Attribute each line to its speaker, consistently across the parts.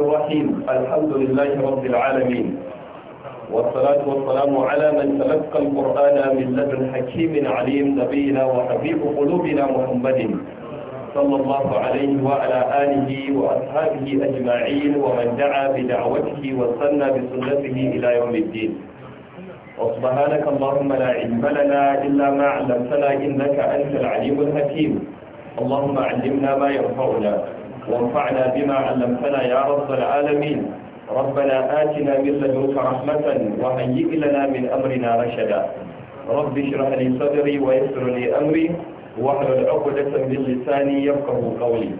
Speaker 1: الرحيم الحمد لله رب العالمين والصلاة والسلام على من تلقى القرآن من لدن حكيم عليم نبينا وحبيب قلوبنا محمد صلى الله عليه وعلى آله وأصحابه أجمعين ومن دعا بدعوته وسنى بسنته إلى يوم الدين وسبحانك اللهم لا علم لنا إلا ما علمتنا إنك أنت العليم الحكيم اللهم علمنا ما ينفعنا وانفعنا بما علمتنا يا رب العالمين ربنا آتنا من لدنك رحمة وهيئ لنا من أمرنا رشدا رب اشرح لي صدري ويسر لي أمري واحلل عقدة من لساني يفقه قولي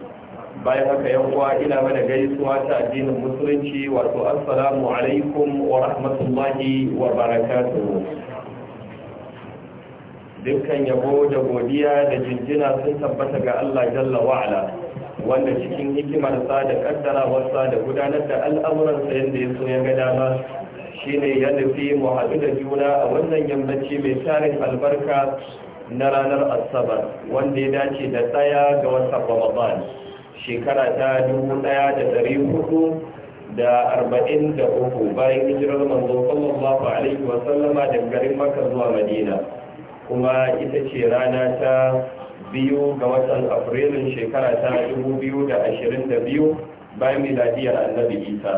Speaker 1: bayan haka yan uwa ina mana gaisuwa ta addinin musulunci wato assalamu alaikum wa rahmatullahi wa barakatuhu dukkan yabo da godiya da jinjina sun tabbata ga Allah jalla wa'ala wanda cikin hikimarsa da kaddarawarsa da gudanar da al'amuransa yadda ya so ya ga dama shine ya nufi mu haɗu da juna a wannan yammaci mai tarin albarka na ranar asabar wanda ya dace da ɗaya ga watan ramadan shekara ta dubu ɗaya da ɗari hudu da arba'in da uku bayan hijirar manzo sallallahu alaihi wa sallama daga garin makka zuwa madina kuma ita ce rana ta biyu ga watan afrilun shekara ta 2022 bayan miladiyar annabi isa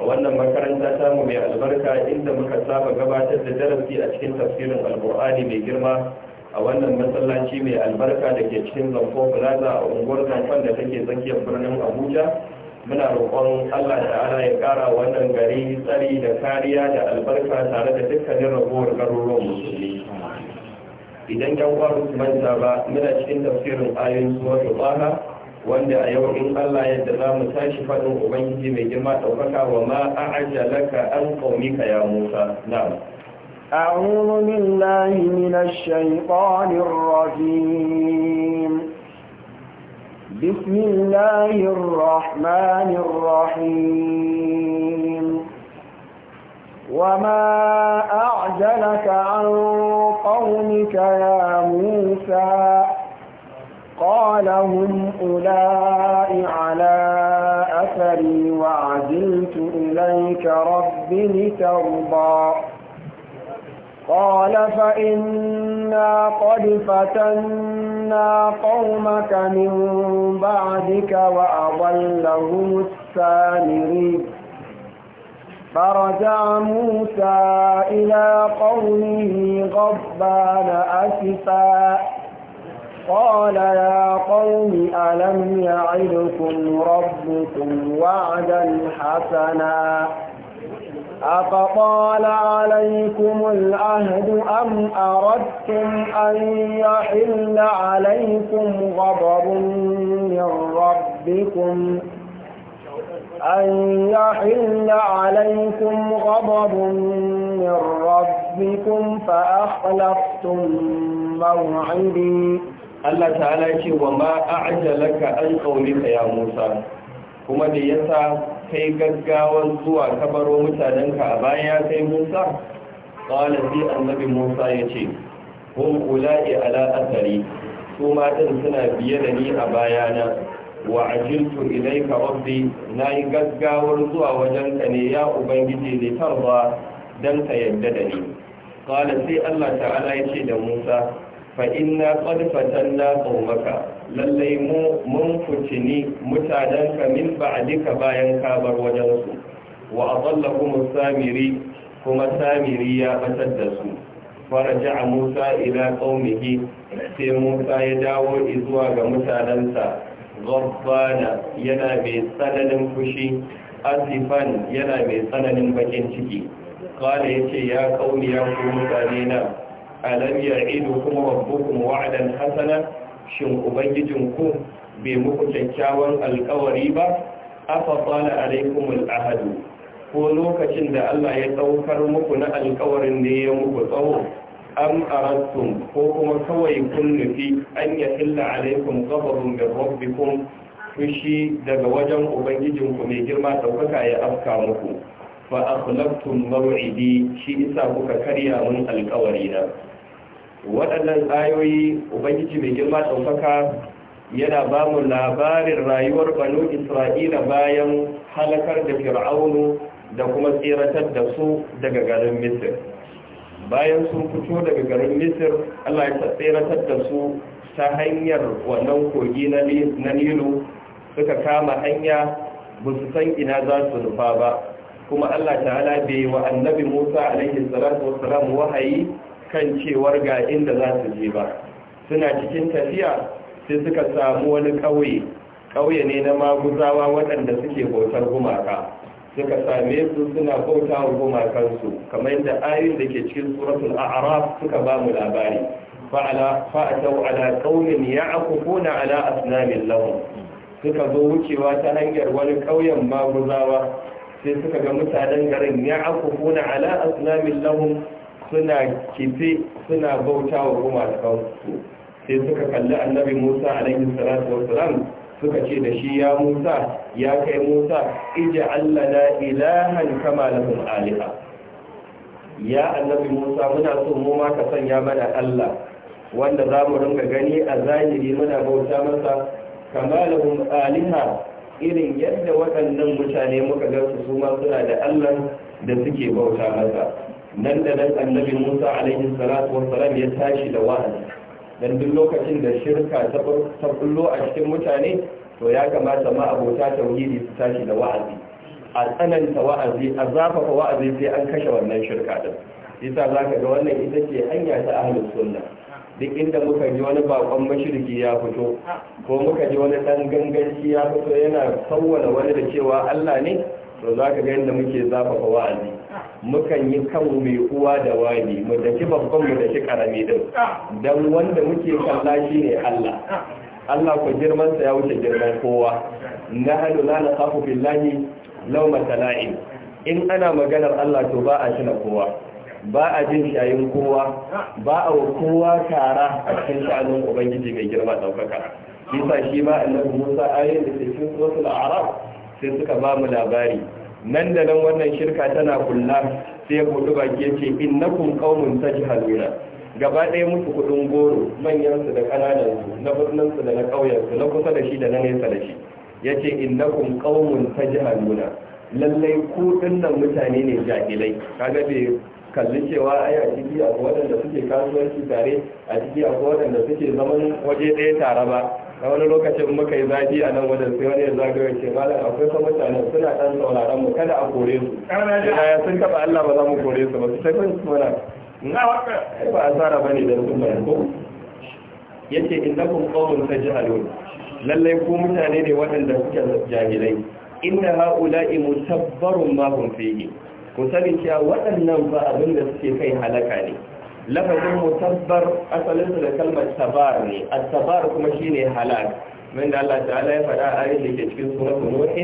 Speaker 1: a wannan makaranta ta mu mai albarka inda muka saba gabatar da darasi a cikin tafsirin alkur'ani mai girma a wannan masallaci mai albarka da ke cikin zamfo plaza a unguwar zamfon da take tsakiyar birnin abuja muna roƙon allah ta'ala ya ƙara wannan gari tsari da kariya da albarka tare da dukkanin ragowar garuruwan musulmi idan yan uwa su manta ba muna cikin tafsirin ayoyin suratul taha wanda a yau in Allah yadda za mu tashi faɗin ubangiji mai girma ɗaukaka wa ma a'ajalaka an qaumika ya Musa na'am
Speaker 2: أعوذ بالله من الشيطان الرجيم بسم الله الرحمن الرحيم وما أعجلك عن قومك يا موسى قال هم أولئك على أثري وعزلت إليك رب لترضى قال فإنا قد فتنا قومك من بعدك وأضلهم السامرين فرجع موسى إلى قومه غضبان أسفا قال يا قوم ألم يعدكم ربكم وعدا حسنا أفطال عليكم العهد أم أردتم أن يحل عليكم غضب من ربكم ؟ أن يحل عليكم غضب من ربكم فأخلفتم موعدي Allah ta'ala
Speaker 1: ce wa ma a'jalaka an qaulika ya Musa kuma da yasa kai gaggawan zuwa kabaro mutanenka a baya kai Musa qala bi annabi Musa yace hum ulai ala athari kuma din suna biye da ni a bayana wa ajiltu ilayka rabbi nayi gaggawar zuwa wajenka ne ya ubangiji da tarda dan ka yadda da ni qala sai Allah ta'ala yace da Musa fa inna qad fatanna qaumaka lallai mu mun futini ka min ba'dika bayan ka bar wajen su wa adallahum samiri kuma samiri ya batar da su faraja Musa ila qaumihi sai Musa ya dawo zuwa ga mutanansa ghabbana yana mai tsananin fushi asifan yana mai tsananin bakin ciki ya yace ya kauni ya ku mutane na alam ido kuma rabbukum wa'dan hasana shin ubangijin ku bai muku kyakkyawan alkawari ba afa qala alaikumul ahadu ko lokacin da Allah ya daukar muku na alkawarin da ya muku tsawo am arattum ko kuma kawai kun nufi an ya illa alaikum gabarun min rabbikum fushi daga wajen ku mai girma daukaka ya afka muku fa akhlaftum maw'idi shi isa kuka karya mun alƙawari na waɗannan ayoyi ubangiji mai girma daukaka yana ba mu labarin rayuwar banu isra'ila bayan halakar da fir'aunu da kuma tseratar da su daga garin misir bayan sun fito daga garin misir allah ya tseratar da su ta hanyar wannan kogi na nilu suka kama hanya ba su san ina za su nufa ba kuma allah ta'ala bai wa annabi musa alaihi salatu wasalam wahayi kan cewar ga inda za su je ba suna cikin tafiya sai suka samu wani ƙauye ne na maguzawa waɗanda suke bautar gumaka suka same su suna bauta wa gumakansu kamar yadda ayoyin da ke cikin suratul a'raf suka ba mu labari fa'ala fa'atau ala qaumin ya'qufuna ala asnamin lahum suka zo wucewa ta hanyar wani kauyen maguzawa sai suka ga mutanen garin ya'qufuna ala asnamin lahum suna kife suna bauta wa gumakansu sai suka kalli annabi Musa alaihi salatu wassalam suka ce da shi ya musa ya kai musa ija allana ilahan kama lahum aliha ya annabi musa muna so mu ma ka sanya mana allah wanda za mu ringa gani a zahiri muna bauta masa kama lahum aliha irin yadda waɗannan mutane muka gansu su ma suna da allah da suke bauta masa nan da nan annabi musa alaihi salatu wassalam ya tashi da wa'azi dan duk lokacin da shirka ta bullo a cikin mutane to ya kamata ma abota tauhidi su tashi da wa'azi a tsananta wa'azi a zafafa wa'azi sai an kashe wannan shirka din yasa zaka ga wannan ita ce hanya ta ahlus sunna duk inda muka ji wani bakon mashirki ya fito ko muka ji wani dan ganganci ya fito yana sawwala wani da cewa Allah ne to za ka ga yadda muke zafafa wa'azi mukan yi kan mai uwa da wani mu babban mu daki karami din dan wanda muke kalla ne Allah Allah ko girman sa ya wuce girman kowa na hadu la nasafu billahi law matala'in in ana maganar Allah to ba a na kowa ba a jin shayin kowa ba a kowa tara a cikin sha'anin ubangiji mai girma daukaka shi shi ba annabi Musa ayin da cikin suratul a'raf sai suka ba mu labari nan da nan wannan shirka tana kulla sai ya kudu baki yace innakum qaumun tajhaluna gaba ɗaya musu kudin goro manyan su da kananan su na birnin su da na ƙauyen su na kusa da shi da na nesa da shi yace ta qaumun tajhaluna lallai ku dinnan mutane ne jahilai kaga bai kalli cewa ai a ciki akwai waɗanda suke kasuwanci tare a ciki akwai waɗanda suke zaman waje ɗaya tare ba na wani lokacin muka yi zafi a nan wajen sai wani ya zagaya ce malam akwai kuma mutane suna ɗan tsauraran mu kada a kore su ya sun taɓa Allah ba za mu kore su ba su ta kan suna na asara ba ne bane da kun bai ko yace innakum qawmun tajhalun lallai ku mutane ne waɗanda suke jahilai inna haula'i mutabbarun ma hum fihi ku sani cewa waɗannan ba abin da suke kai halaka ne lafazin mutabbar asalinsu da kalmar tabar ne tabar kuma shine halal من الله تعالى in آية لتشكيل سورة نوح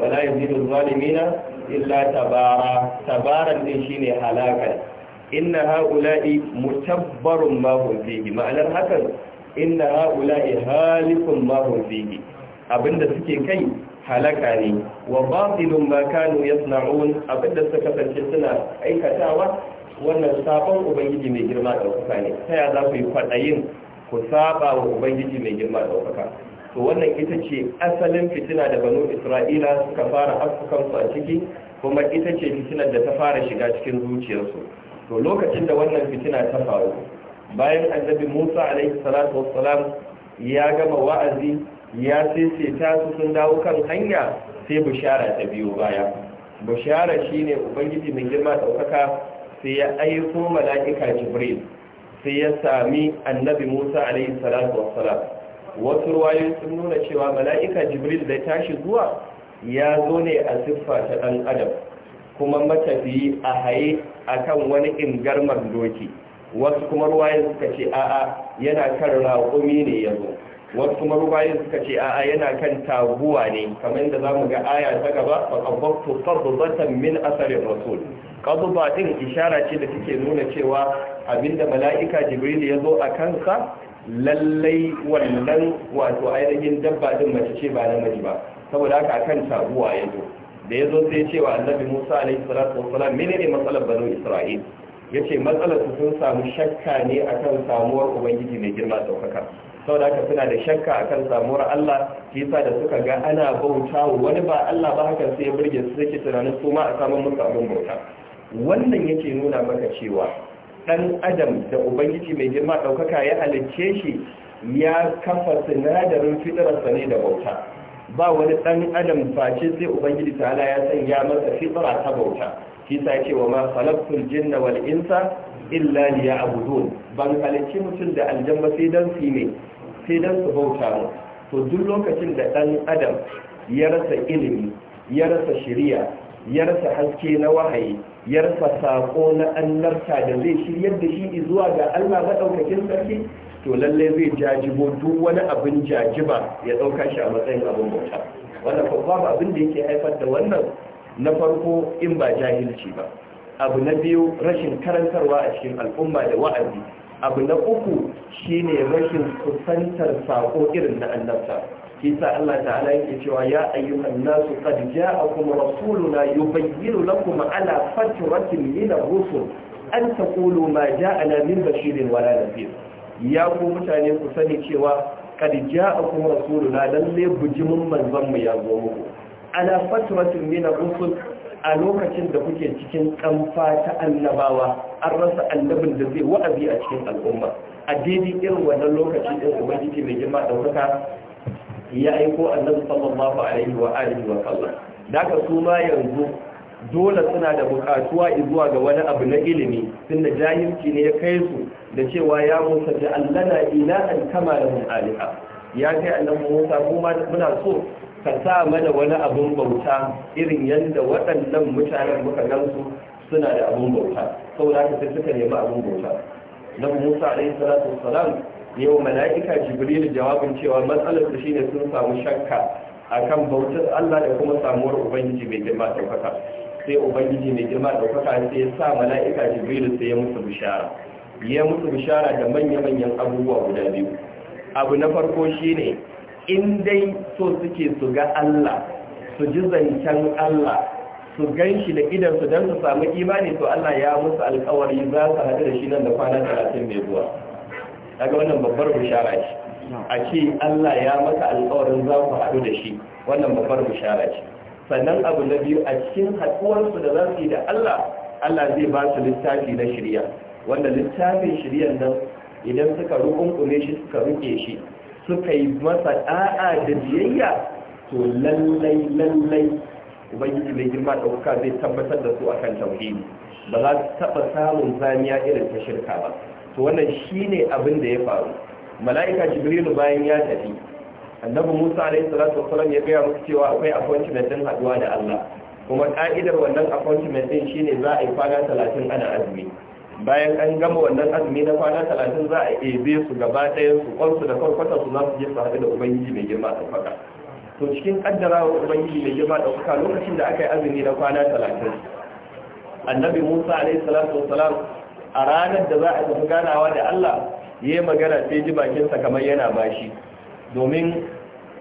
Speaker 1: ولا يزيد الظالمين إلا تبارا تبارا إنشيني هلاكا إن هؤلاء متبر ما هم فيه Ma'anar hakan inna هؤلاء هالك ما هم فيه abinda suke kai halaka ne wa batilun ma kanu yasna'un abinda suka kasance suna aikatawa wannan sabon ubangiji mai girma da ɗaukaka ne ta ya za ku yi kwaɗayin ku saba wa ubangiji mai girma ɗaukaka to wannan ita ce asalin fitina da banu isra'ila suka fara afkukansu a ciki kuma ita ce fitinar da ta fara shiga cikin zuciyarsu to lokacin da wannan fitina ta faru bayan annabi musa alaihi salatu wassalam ya gama wa'azi ya sai ta su sun dawo kan hanya sai bishara ta biyo baya bishara shine ubangiji mai girma ɗaukaka sai ya aiko mala'ika jibril sai ya sami annabi musa alayhi salatu wasu ruwayoyi sun nuna cewa mala'ika jibril da tashi zuwa ya zo ne a siffa ta ɗan adam kuma matafiyi a haye a kan wani ingarmar doki wasu kuma ruwayoyin suka ce a'a yana kan raƙumi ne ya zo wasu kuma suka ce a'a yana kan tabuwa ne kamar za zamu ga aya ta gaba fa qabbtu qadbatan min asari rasul qadba din ishara ce da take nuna cewa abinda mala'ika jibril ya zo a kansa lallai wannan wato ainihin dabba din mace ce ba namiji ba saboda haka akan taguwa ya zo da ya zo sai cewa annabi musa alaihi salatu wassalam menene matsalar banu isra'il yace matsalar su sun samu shakka ne akan samuwar ubangiji mai girma daukaka Sau da haka suna da shakka akan samuwar Allah kisa da suka ga ana bauta wani ba Allah ba haka sai ya burge su suke tunanin su ma a samun musu abin bauta wannan yake nuna maka cewa ɗan adam da ubangiji mai girma ɗaukaka ya halicce shi ya kafa sinadarin fitararsa ne da bauta ba wani ɗan adam face sai ubangiji ta'ala ya san ya masa fitara ta bauta shi sa ce wa ma khalaqtul jinna wal insa illa liya'budun ban halicci mutum da aljanna sai dan su ne sai don su bauta mu to duk lokacin da ɗan adam ya rasa ilimi ya rasa shirya ya rasa haske na wahayi ya rasa saƙo na annarta da zai shiryar da shi zuwa ga Allah ɗaukakin sarki to lallai zai jajibo duk wani abin jajiba ya ɗauka shi a matsayin abin bauta wannan ba abin da yake haifar da wannan na farko in ba jahilci ba abu na biyu rashin karantarwa a cikin al'umma da wa'azi abu na uku shine rashin kusantar sako irin na annabta kisa Allah ta'ala yake cewa ya ayyuhan nasu qad ja'akum rasuluna yubayyinu lakum ala fatratin min ar-rusul an taqulu ma ja'ana min bashirin wala nadhir ya ku mutane ku sani cewa qad ja'akum rasuluna lalle bujimin manzon mu ya zo muku Ana fatratin min ar-rusul a lokacin da kuke cikin kamfa ta annabawa an rasa annabin da zai wa'azi a cikin al'umma a daidai irin wannan lokaci ɗin ubangiji mai girma wuka ya aiko annabi sallallahu alaihi wa alihi wa sallam daga su ma yanzu dole suna da bukatuwa zuwa ga wani abu na ilimi tunda jahilci ne ya kai su da cewa ya musa da allana an kama da mun aliha ya kai annabi musa kuma muna so ka sa mana wani abin bauta irin yadda waɗannan mutanen muka gansu suna da abin bauta saboda sai suka nemi abin bauta nan Musa alaihi salatu wassalam wa mala'ika Jibril jawabin cewa matsalar su shine sun samu shakka akan bautar Allah da kuma samuwar ubangiji mai girma ɗaukaka, sai ubangiji mai girma ɗaukaka sai ya sa mala'ika Jibril sai ya musu bishara ya musu bishara da manya-manyan abubuwa guda biyu abu na farko shine in dai so suke su ga Allah su ji zancen Allah su gan shi da idan su don su samu imani to Allah ya musu alkawari za su haɗu da shi nan da kwana 30 mai zuwa daga wannan babbar bishara ce a ce Allah ya maka alkawarin za ku haɗu da shi wannan babbar bishara ce sannan abu na biyu a cikin haɗuwarsu da za su yi da Allah Allah zai ba su littafi na shirya wanda littafin shiryan nan idan suka rukunkume shi suka ruke shi suka yi masa ɗaɗa da biyayya to lallai lallai ubangiji mai girma ɗauka zai tabbatar da su akan tauhidi ba za su taɓa samun zaniya irin ta shirka ba to wannan shi ne abin da ya faru mala'ika jibrilu bayan ya tafi annabi musa alaihi salatu wasallam ya gaya musu cewa akwai appointment din haduwa da allah kuma ka'idar wannan appointment din shine za a yi kwana talatin ana azumi bayan an gama wannan azumi na kwana talatin za a ebe su gaba ɗayan su kwansu da kwarkwata su su je su haɗu da ubangiji mai girma a faka to cikin kaddara wa ubangiji mai girma da kuka lokacin da aka yi azumi na kwana talatin annabi musa alayhi salatu wasalam a ranar da za a tafi ganawa da allah ya yi magana sai ji bakinsa kamar yana bashi domin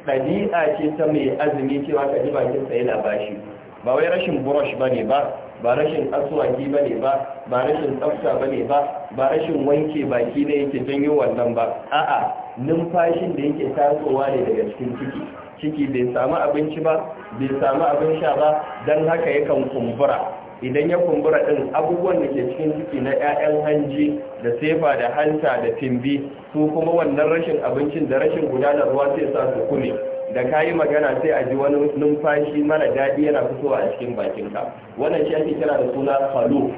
Speaker 1: ɗabi'a ce ta mai azumi cewa ka ji bakinsa yana bashi ba wai rashin burush ba ne ba ba rashin aswaki ba ne ba ba rashin tsafta ba ne ba ba rashin wanke baki ne yake janyo wannan ba a'a numfashin da yake tasowa ne daga cikin ciki ciki bai samu abinci ba bai samu abin sha ba don haka yakan kumbura idan ya kumbura ɗin abubuwan da ke cikin ciki na 'ya'yan hanji da sefa da hanta da timbi su kuma wannan rashin abincin da rashin gudanarwa sai sa su kune da ka yi magana sai a ji wani numfashi mara daɗi yana fitowa a cikin bakinka wannan shi ake kira da suna falo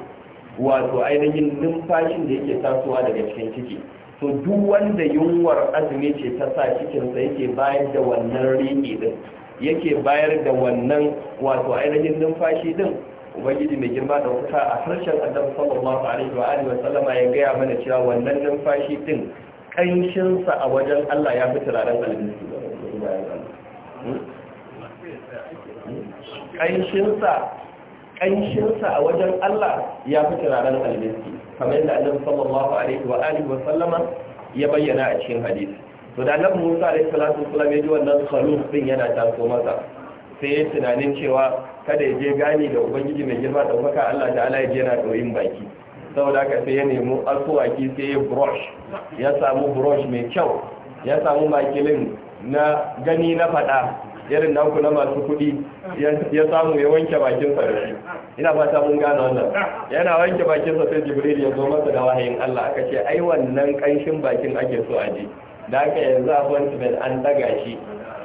Speaker 1: wato ainihin numfashin da yake tasowa daga cikin ciki to duk wanda yunwar azumi ce ta sa cikinsa yake bayar da wannan riƙi din yake bayar da wannan wato ainihin numfashi din ubangiji mai girma da kuka a harshen annabi sallallahu alaihi wa alihi wa sallama ya gaya mana cewa wannan numfashi din kanshinsa a wajen Allah ya fi turaren albisu ƙanshinsa ƙanshinsa a wajen Allah ya fi turaren almiski kamar yadda annabi sallallahu alaihi wa alihi wa sallama ya bayyana a cikin hadisi to da annabi Musa alaihi salatu wasallam ya ji wannan khaluq din yana taso masa sai ya tunanin cewa kada ya je gani da ubangiji mai girma da baka Allah ta'ala ya je yana doyin baki saboda haka sai ya nemi asuwaki sai ya brush ya samu brush mai kyau ya samu makilin na gani na faɗa. irin naku na masu kuɗi ya samu ya wanke bakinsa da shi ina fata mun gane wannan yana wanke bakinsa sai jibril ya zo masa da wahayin Allah aka ce ai wannan kanshin bakin ake so a ji da aka yanzu appointment an daga shi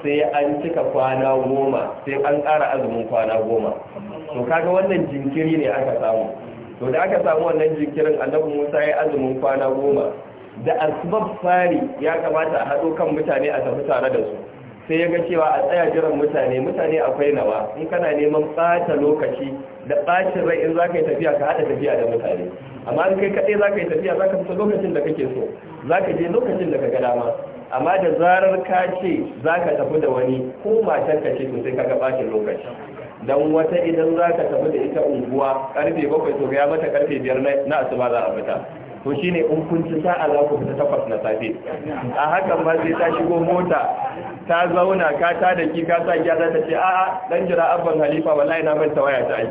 Speaker 1: sai an cika kwana goma sai an ƙara azumin kwana goma to kaga wannan jinkiri ne aka samu to da aka samu wannan jinkirin annabi Musa ya azumin kwana goma da asbab fari ya kamata a haɗo kan mutane a tafi tare da su sai ya ga cewa a tsaya jiran mutane mutane akwai nawa in kana neman ɓata lokaci da ɓacin rai in za ka yi tafiya ka haɗa tafiya da mutane amma in kai kaɗai za ka yi tafiya za ka fita lokacin da kake so za ka je lokacin da ka ga dama amma da zarar ka ce za ka tafi da wani ko matan ka ce sosai ka ga ɓacin lokaci don wata idan za ka tafi da ita unguwa karfe bakwai to ya mata karfe biyar na asuba za a fita to shi ne in kunci sa'a za ku fita takwas na safe a hakan ma sai ta shigo mota ta zauna ka ta da ki ka sa giya za ta ce a'a dan jira abban halifa wallahi na manta waya ta a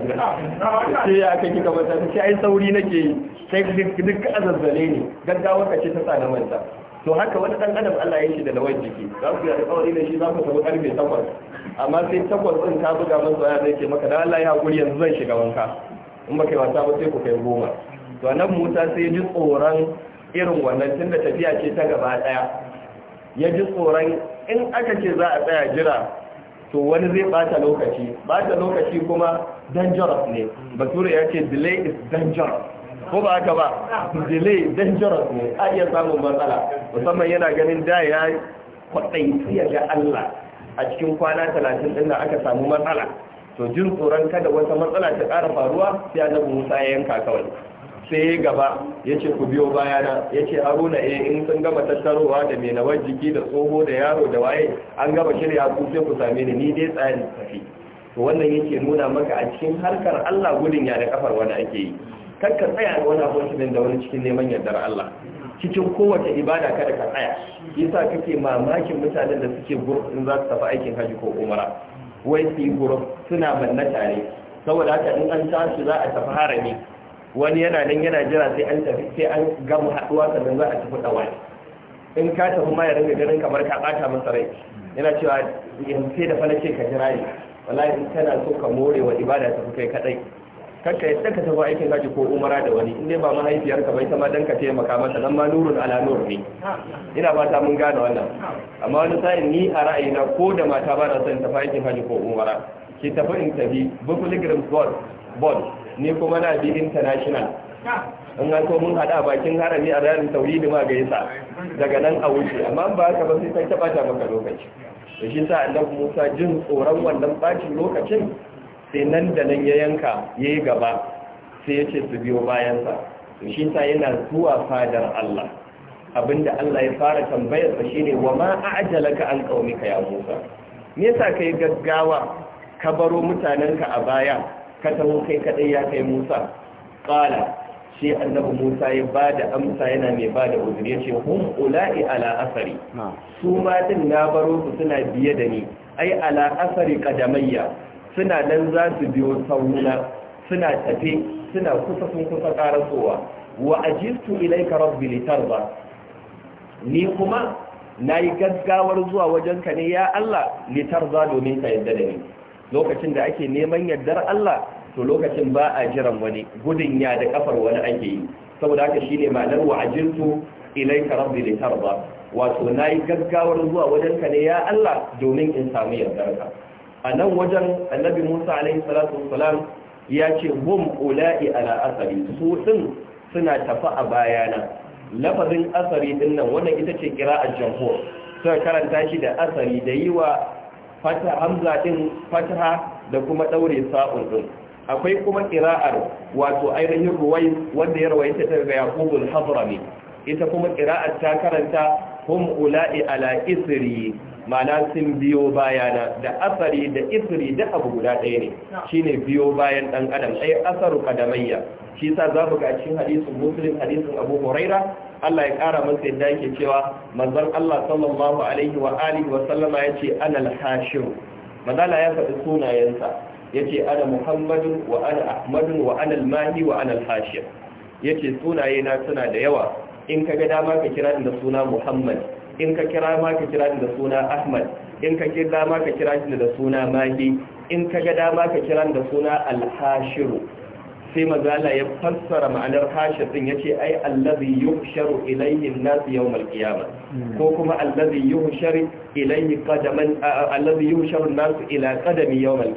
Speaker 1: sai ya aka kika manta ta ce ai sauri nake yi sai duk azazzale ne gaggawa ka ce ta sa na manta to haka wani dan adam Allah ya shi da lawan jiki za ku yi alƙawari da shi za ku samu karfe takwas amma sai takwas ɗin ka buga masa waya zai ce maka da Allah ya haƙuri yanzu zan shiga wanka in baka yi wasa ba sai ku kai goma to nan musa sai ji tsoron irin wannan tun da tafiya ce ta gaba daya ya ji tsoron in aka ce za a tsaya jira to wani zai bata lokaci bata lokaci kuma dangerous ne bature ya ce delay is dangerous ko ba haka ba delay dangerous ne a iya samun matsala musamman yana ganin da ya kwaɗaitu ya ga Allah a cikin kwana talatin ɗin aka samu matsala to jin tsoron kada wata matsala ta ƙara faruwa sai annabi Musa ya yanka kawai sai ya gaba ya ce ku biyo bayana ya ce haruna eh in sun gaba tattarowa da mai nawar jiki da tsoho da yaro da waye an gama shirya ku sai ku same ni ni dai tsari tafi to wannan yake nuna maka a cikin harkar Allah gudun ya da kafar wani ake yi kar ka tsaya da wani cikin da wani cikin neman yardar Allah cikin kowace ibada kada ka tsaya yasa kake mamakin mutanen da suke gurf in za su tafi aikin haji ko umara wai su yi suna manna tare saboda haka in an tashi za a tafi harami wani yana nan yana jira sai an tafi sai an gama haduwa sannan za a tafi wani. in ka tafi ma ya ringa ganin kamar ka bata masa rai yana cewa yanzu sai da fa ka jira ne wallahi in kana so ka more wa ibada tafi kai kadai kanka ya tsaka tafi aikin haji ko umara da wani in dai ba mahaifiyar ka bai ma dan ka taimaka masa nan ma nurun ala nur ne ina fata mun gane wannan amma wani sai ni a ra'ayina ko da mata ba na son tafi aikin haji ko umara ki tafi in tafi god board ni kuma na bi international in an so mun hada bakin harami a ranar tauridi ma gaisa daga nan a wuce amma ba haka ba sai ta taba ta maka lokaci da shi sa annabi Musa jin tsoron wannan bacin lokacin sai nan da nan ya yanka yayi gaba sai ya ce su biyo bayansa to shi sa yana zuwa fadar Allah abinda Allah ya fara tambayar sa shine wa ma a'jalaka an qaumika ya Musa me yasa kai gaggawa ka baro mutanenka a baya ka taho kai kadai ya kai musa qala shi annabi musa ya bada amsa yana mai bada uzuri yace hum ula'i ala asari su ma din na baro su suna biye da ni ai ala asari qadamayya suna nan za su biyo sauna suna tafe suna kusa sun kusa karasowa wa ajiltu ilayka rabbi litarda ni kuma na yi gaggawar zuwa wajenka ne ya Allah litarza domin ka yadda da ni lokacin da ake neman yardar Allah to lokacin ba a jiran wani gudun ya da kafar wani ake yi saboda haka shine ma'anar wa ajiltu ilayka rabbi litarda wato nayi gaggawar zuwa wajenka ne ya Allah domin in samu yardarka a nan wajen annabi Musa alaihi salatu wassalam ya ce hum ula'i ala asari su din suna tafi a bayana lafazin asari din nan wannan ita ce a jamhur suka karanta shi da asari da yi wa fata hamza din fataha da kuma daure sa'un din akwai kuma qira'ar wato ainihin ruwai wanda ya rawaita daga yaqub al-hadrami ita kuma qira'ar ta karanta hum ula'i ala isri mana sun biyo bayana da asari da isri da abu guda ɗaya ne shine biyo bayan dan adam ai asaru kadamayya shi sa za mu ga cikin hadisin muslim hadisin abu huraira Allah ya kara masa yadda yake cewa manzon Allah sallallahu alaihi wa alihi wa sallama yace ana al-hashim manala ya faɗi sunayensa yace ana Muhammadu wa ana Ahmadu wa ana al-mahi wa ana al-hashim yace sunaye na suna da yawa in ka ga dama ka kira ni da suna muhammad in ka kira ma ka kira ni da suna ahmad in ka kira ma ka kira ni da suna mahi in ka ga dama ka kira ni da suna al-hashiru sai mazala ya fassara ma'anar hasha ya ce ai allazi yuhsharu ilayhi an-nas yawm al hmm. ko kuma allazi yuhsharu ilayhi qadaman allazi yuhsharu an ila qadami yawm al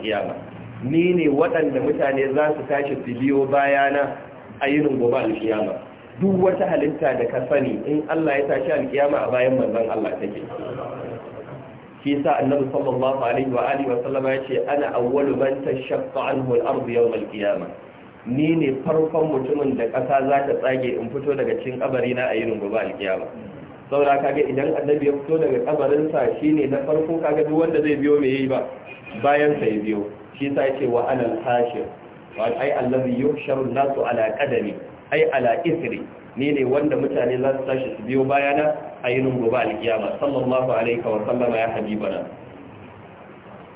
Speaker 1: ni ne waɗanda mutane za su tashi su biyo bayana a yinin gobe alkiyama? duk wata halitta da ka sani in Allah ya tashi alkiyama a bayan manzon Allah take shi sa annabi sallallahu alaihi wa alihi wa sallama yace ana awwalu man tashaqqa anhu al-ardu yawm al-qiyamah ni ne farkon mutumin da ƙasa za ta tsage in fito daga cin ƙabarina na a yi rungu ba alkiyama saboda kaga idan annabi ya fito daga ƙabarinsa shi ne na farko kaga duk wanda zai biyo mai yi ba bayan sa ya biyo shi sa yace wa anal hashir wa ai allazi yuhsharu nasu ala qadami ai ala isri ni ne wanda mutane za su tashi su biyo bayana a yinin gobe alkiyama sallallahu alaihi wa sallama ya habibana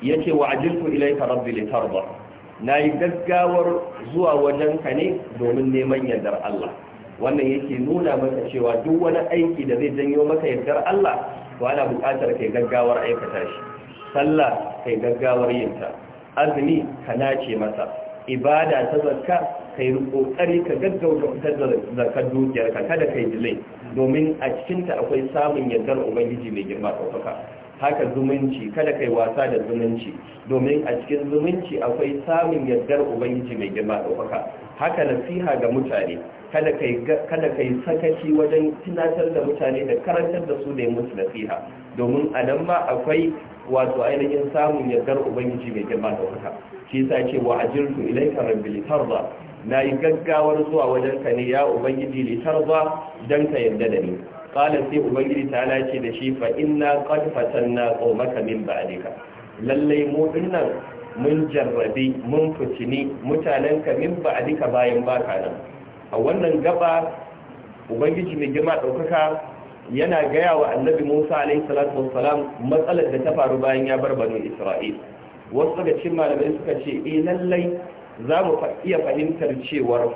Speaker 1: yace wa ajiltu ilayka rabbi litarda na yi gaggawar zuwa wajen ka ne domin neman yardar Allah wannan yake nuna maka cewa duk wani aiki da zai janyo maka yardar Allah to ana buƙatar kai gaggawar aikata shi sallah kai gaggawar yin ta azumi ka nace masa ibada ta zakka kai kokari ka gaggauta fitar da zakkar dukiyarka kada kai delay domin a cikin ta akwai samun yardar ubangiji mai girma ɗaukaka haka zumunci kada kai wasa da zumunci domin a cikin zumunci akwai samun yardar ubangiji mai girma ɗaukaka haka nasiha ga mutane kada kai kada kai sakaci wajen tunatar da mutane da karantar da su da musu nasiha domin a nan ma akwai wato ainihin samun yardar ubangiji mai girma ɗaukaka shi yasa ce wa ajirtu ka rabbi ba na yi gaggawar zuwa wajenka ne ya ubangiji litarza dan ka yarda da ni qala sai ubangiji ta ce da shi fa inna qad fatanna qaumaka min ba'dika lallai mu dinnan mun jarrabi mun mutanen ka min ba'dika bayan baka nan a wannan gaba ubangiji mai girma daukaka yana gaya wa annabi Musa alaihi salatu wassalam matsalar da ta faru bayan ya bar banu Isra'il wasu daga cikin malamai suka ce eh lallai za mu iya fahimtar cewar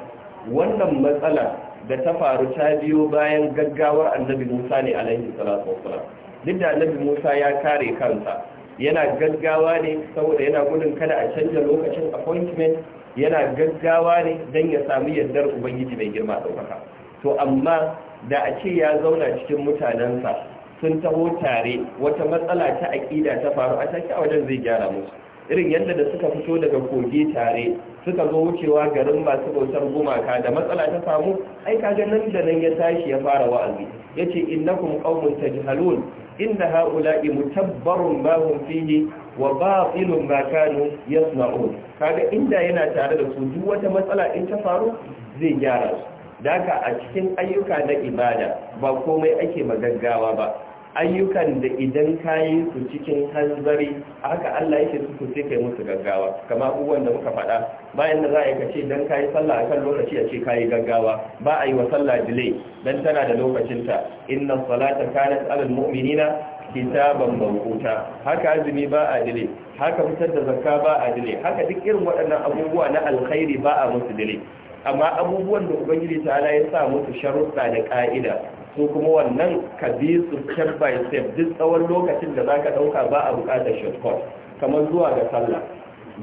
Speaker 1: wannan matsala da ta faru ta biyo bayan gaggawar annabi musa ne a laifin salatu wasalam duk da annabi musa ya kare kansa yana gaggawa ne saboda yana gudun kada a canja lokacin appointment yana gaggawa ne don ya sami yardar ubangiji mai girma ɗaukaka to amma da a ce ya zauna cikin mutanensa sun taho tare wata matsala ta aƙida ta faru a take a wajen zai gyara musu irin yadda da suka fito daga kogi tare suka zo wucewa garin masu bautar gumaka da matsala ta samu ai kaga nan da nan ya tashi ya fara wa'azi yace innakum qaumun tajhalun inna haula'i mutabbarun ma hum fihi wa batilun ma kanu yasna'un kaga inda yana tare da su duk wata matsala in ta faru zai gyara su daga a cikin ayyuka na ibada ba komai ake magaggawa ba ayyukan da idan kayi su cikin hanzari haka Allah yake su sai kai musu gaggawa kama abubuwan da muka faɗa bayan da za a yi kace dan ka yi sallah a kan lokaci a ce ka yi gaggawa ba a yi wa sallah delay dan tana da lokacinta inna salata kanat tsarin mu'minina kitaban mawquta haka azumi ba a delay haka fitar da zakka ba a delay haka duk irin waɗannan abubuwa na alkhairi ba a musu delay amma abubuwan da ubangiji ta ala ya sa musu sharuɗa da ƙa'ida su kuma wannan ka bi su step by step duk tsawon lokacin da za ka ɗauka ba a bukatar shortcut kamar zuwa ga sallah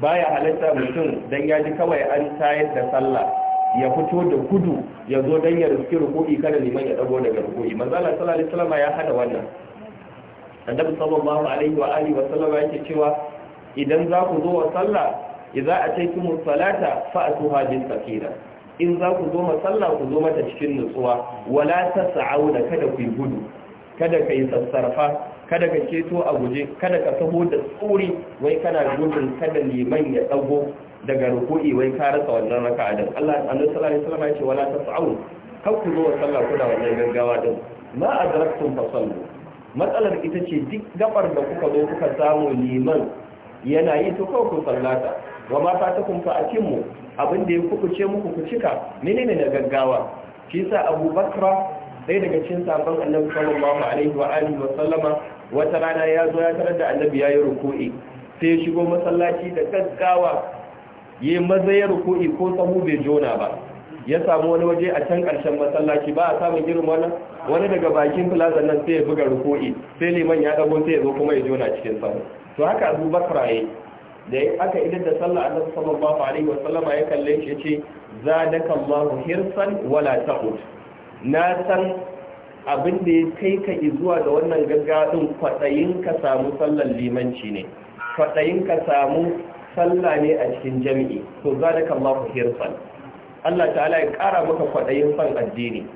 Speaker 1: baya halitta mutum dan ya ji kawai an tayar da sallah ya fito da kudu ya zo dan ya riski ruku'i kada liman ya dago daga ruku'i manzo Allah sallallahu alaihi wasallam ya hada wannan annabi sallallahu alaihi wa alihi wa sallam yake cewa idan za ku zo wa sallah idza ataytumus salata fa'tuha bis sakina in za ku zo masalla ku zo mata cikin nutsuwa wala ta da kada ku gudu kada ka yi sassarfa kada ka ceto a guje kada ka taho da tsuri wai kana gudun kada liman ya dago daga ruku'i wai ka rasa wannan a din Allah annabi sallallahu alaihi wasallam ya ce wala ta sa'au kar ku zo masalla ku da wannan gaggawa din ma adraktum sallu matsalar ita ce duk gabar da kuka zo kuka samu liman yana yi to kawo kun sallata wa ma fatakum fa mu abin da ya kukuce muku ku cika menene na gaggawa shi sa Abu Bakra sai daga cikin sabon Annabi sallallahu alaihi wa alihi wa sallama wata rana ya zo ya tarar da Annabi yayi ruku'i sai ya shigo masallaci da gaggawa ya maza ya ruku'i ko samu bai jona ba ya samu wani waje a can ƙarshen masallaci ba a samun girma wannan wani daga bakin plaza nan sai ya buga ruku'i sai liman ya dago sai ya zo kuma ya jona cikin sahu to haka abu bakra ya da aka idan da sallah a annabi sallallahu alaihi wasallama ya kalle shi yace zadaka Allahu hirsan wala taqut na san abin da ya kai ka zuwa da wannan gaggadin kwaɗayin ka samu sallan limanci ne Kwaɗayin ka samu sallah ne a cikin jami'i to zadaka Allahu hirsan Allah ta'ala ya kara maka kwaɗayin san addini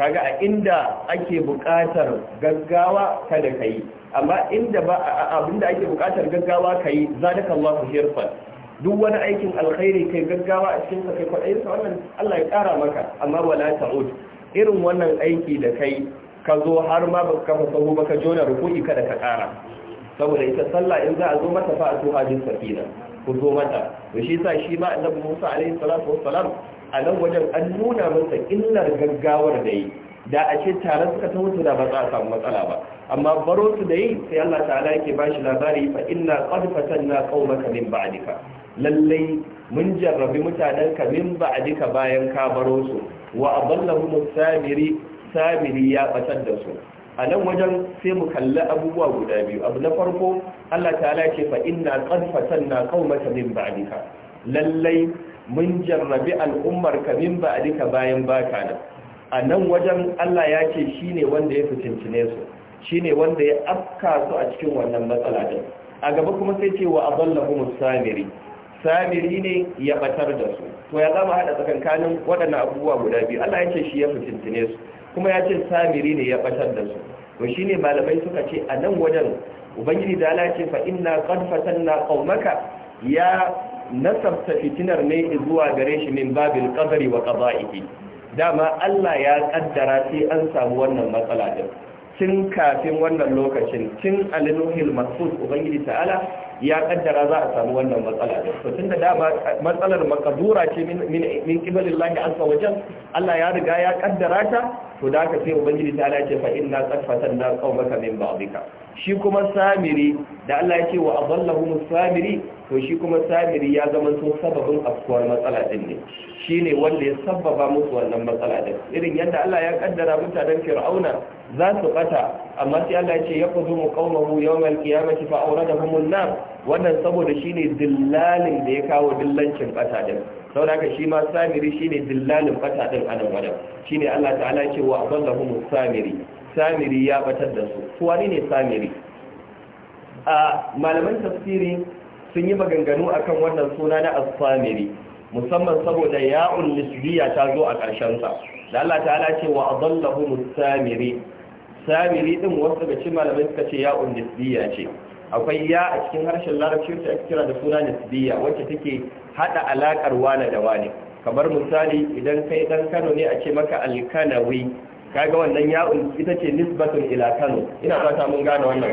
Speaker 1: kaga a inda ake buƙatar gaggawa kada kai amma inda ba abinda ake buƙatar gaggawa kai zadaka Allahu hirfan duk wani aikin alkhairi kai gaggawa a cikin sa kai kwaɗayin sa wannan Allah ya kara maka amma wala ta'ud irin wannan aiki da kai ka zo har ma ba ka sahu ba ka jona ruku'i kada ka kara saboda ita sallah in za a zo mata fa a tuha bin safina ku zo mata to shi yasa shi ma annabi Musa alaihi salatu wassalam a nan wajen an nuna masa illar gaggawar da yi da a ce tare suka ta mutu da ba za a samu matsala ba amma baro su da yi sai Allah ta'ala yake ba shi labari fa inna qad fatanna qaumaka min ba'dika lallai mun jarrabi mutanen ka min ba'dika bayan ka baro su wa adallahum sabiri sabiri ya batar da su a nan wajen sai mu kalli abubuwa guda biyu abu na farko Allah ta'ala ce fa inna qad fatanna qaumaka min ba'dika lallai mun jarrabi al'ummar ka min ba adika bayan baka nan a nan wajen Allah ya ce shine wanda ya fitincine su shine wanda ya afka su a cikin wannan matsala din a gaba kuma sai ce wa mu samiri samiri ne ya batar da su to ya zama hada tsakankanin waɗannan abubuwa guda biyu Allah ya ce shi ya fitintine su kuma ya ce samiri ne ya batar da su to shine malamai suka ce a nan wajen ubangiji da Allah ce fa inna qad fatanna qaumaka ya tsafta fitinar ne zuwa gare shi min babil qadari wa qada'ihi dama Allah ya kaddara sai an samu wannan matsala din tun kafin wannan lokacin tun alinuhil Mas'ud ubangiji ta'ala ya kaddara za a samu wannan matsala to tunda da matsalar makadura ce min kibalin lahi azza wajen Allah ya riga ya kaddara ta to da aka sai ubangiji ta ce fa inna tsafatan na qaumaka min ba'dika shi kuma samiri da Allah ya ce wa adallahu samiri to shi kuma samiri ya zama so sababin afkuwar matsala din ne shine wanda ya sabbaba musu wannan matsala din irin yadda Allah ya kaddara mutanen fir'auna za su bata amma sai Allah ya ce yaqdumu qaumahu yawmal qiyamati fa awradahum nar wannan saboda shi ne dillalin da ya kawo dillancin bata din ka shi ma samiri shi ne dillalin bata anan anan wadan ne Allah ta'ala ce wa adallahum samiri samiri ya batar da su Kuwa wani ne samiri a malaman tafsiri sun yi maganganu akan wannan suna na a samiri musamman saboda ya'ul nisbiya ta zo a ƙarshen sa da Allah ta'ala ce wa adallahum samiri samiri din wasu daga cikin malamai suka ce ya'un nisbiya ce akwai ya a cikin harshen larabci ta ake kira da suna nisbiya wacce take hada alakar wane da wane kamar misali idan kai dan Kano ne a ce maka alkanawi kaga wannan ya'un ita ce nisbatun ila Kano ina fata mun gane wannan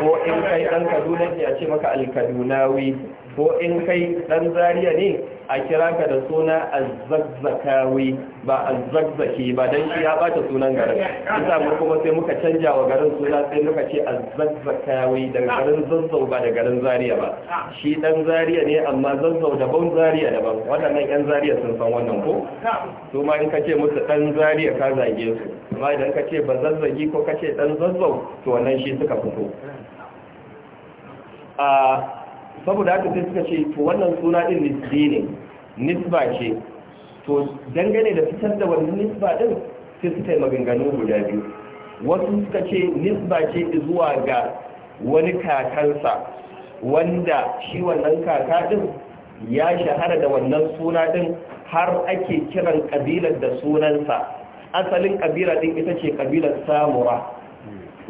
Speaker 1: ko in kai dan Kaduna ne a ce maka alkadunawi ko in kai dan Zaria ne a kira ka da suna azzazzakawi ba azzazzaki ba don shi ya bata sunan garin isa mu kuma sai muka canja wa garin suna sai muka ce azzazzakawi daga garin zazzau ba da garin zaria ba shi dan zaria ne amma zazzau daban zaria daban waɗannan yan zaria sun san wannan ko su ma in ka ce musu dan zaria ka zage su amma idan ka ce ba zazzagi ko ka ce dan zazzau to wannan shi suka fito a saboda haka sai suka ce to wannan suna din nisbi ne nisba ce to dangane da fitar da wannan nisba din sai suka yi maganganu guda biyu wasu suka ce nisba ce zuwa ga wani kakansa wanda shi wannan kaka din ya shahara da wannan suna din har ake kiran kabilar da sunansa asalin kabila din ita ce kabilar samura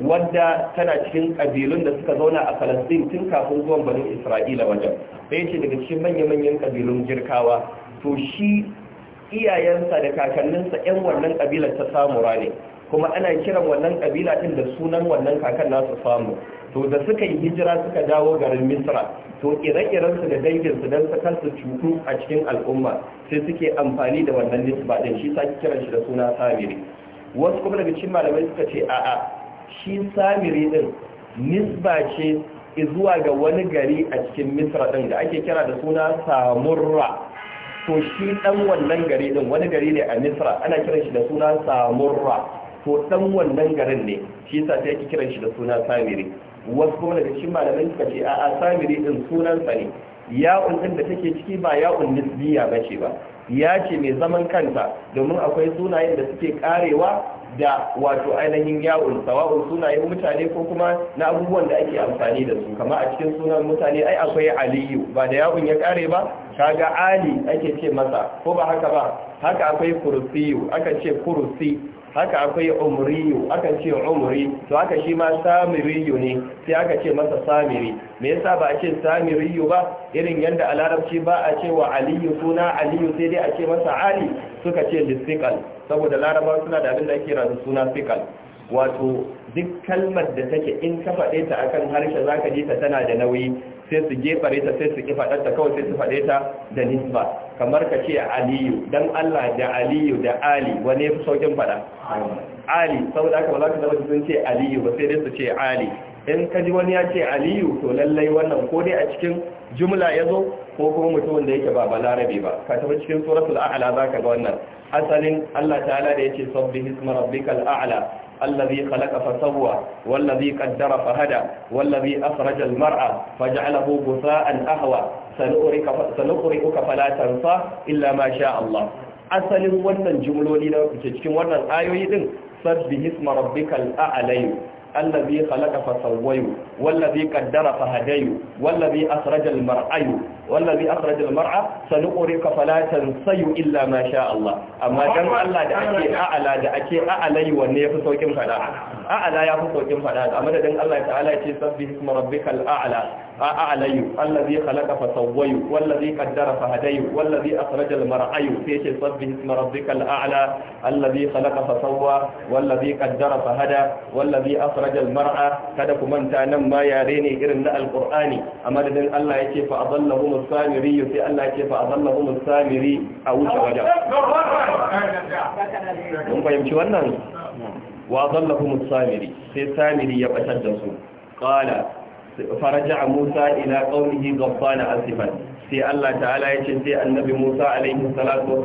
Speaker 1: wadda tana cikin ƙabilun da suka zauna a falastin tun kafin zuwan banin isra'ila wajen Sai ce daga cikin manya-manyan ƙabilun girkawa to shi iyayensa da kakanninsa 'yan wannan ƙabilar ta samu ne kuma ana kiran wannan ƙabila ɗin da sunan wannan kakan nasu samu to da suka yi hijira suka dawo garin misra to ire-irensu da danginsu don su su cutu a cikin al'umma sai suke amfani da wannan nisba ɗin shi sa kiran shi da suna samiri wasu kuma daga cikin malamai suka ce a'a shi samiri din nisba ce zuwa ga wani gari a cikin misra din da ake kira da suna samurra to shi dan wannan gari din wani gari ne a misra ana kiran shi da suna samurra to dan wannan garin ne shi yasa sai ake kiran shi da suna samiri wasu kuma daga cikin malamin suka ce a'a samiri din sunan sa ne ya'un din da take ciki ba ya'un nisbiya bace ba ya ce mai zaman kanta domin akwai sunayen da suke karewa da wato ainihin yawon sawa'un sunayen mutane ko kuma na abubuwan da ake amfani da su kama a cikin sunan mutane ai akwai aliyu ba da yawon ya kare ba kaga ali ake ce masa ko ba haka ba haka akwai kurusiyu aka ce kurusi haka akwai umriyu akan ce umri to haka shi ma samiriyu ne sai aka ce masa samiri me yasa ba a ce samiriyu ba irin yanda a larabci ba a ce wa aliyu suna aliyu sai dai a ce masa ali suka ce listiqal saboda larabar suna da abin da ake rasu suna sikal wato duk kalmar da take in ka faɗe ta akan harshe zaka ji ta tana da nauyi sai su gefare ta sai su ki ta kawai sai su faɗe ta da nisba kamar ka ce aliyu dan Allah da aliyu da ali wani ya fi saukin fada ali saboda aka ba za ka zama sun ce aliyu ba sai dai su ce ali in ka ji wani ya ce aliyu to lallai wannan ko dai a cikin jumla ya zo ko kuma mutumin da yake ba balarabe ba ka tafi cikin suratul a'la za ka ga wannan asalin Allah ta'ala da ya ce sabbi hisma rabbikal a'la الذي خلق فسوى والذي قدر فهدى والذي أخرج المرأة فجعله بثاء أهوى سنقرئك فلا تنسى إلا ما شاء الله أسأل ونن جملولي لو تشكي ونن آيوي ذن سبه اسم ربك الأعلي allazi khalaqa fa sawwayu wallazi qaddara fa hadayu wallazi akhraja al mar'ayu wallazi akhraja al mar'a sanuqrika fala tansayu illa ma Allah amma dan Allah da ake a'ala da ake a'alai wanne yafi saukin fada a'ala yafi saukin fada amma dan Allah ta'ala ya ce sabbihi a'la أعلي الذي خلق فسوي والذي قدر فهدي والذي أخرج المرعي في صد اسم ربك الأعلى الذي خلق فسوى والذي قدر فهدى والذي أخرج mara kada ku manta nan ma yare ne irin na alqur'ani a madadin Allah yake fa adallahum as-samiri sai Allah yake fa adallahum as-samiri a wuce wajen mun fahimci wannan wa adallahum as-samiri sai samiri ya batar da su qala faraja Musa ila qaumihi gabbana asifan sai Allah ta'ala ya ce sai annabi Musa alaihi salatu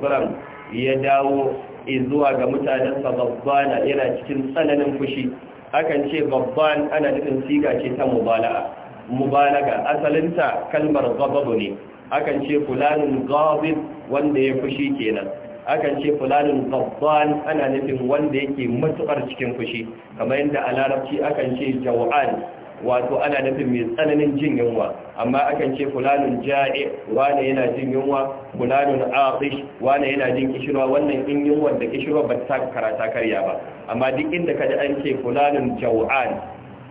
Speaker 1: ya dawo zuwa ga mutanensa gabbana yana cikin tsananin fushi akan ce babban ana nufin siga ce ta mubala'a mubalaga asalinta kalmar gababu ne akan ce fulanin gabib wanda ya fushi kenan akan ce fulanin babban ana nufin wanda yake matukar cikin fushi kamar yadda a larabci akan ce jaw'an wato ana nufin mai tsananin jin yunwa amma akan ce fulanin ja'i wane yana jin yunwa fulanun atish wane yana jin kishirwa wannan in yunwa da kishirwa ba ta karata karya ba amma duk inda kaji an ce fulanun jau'an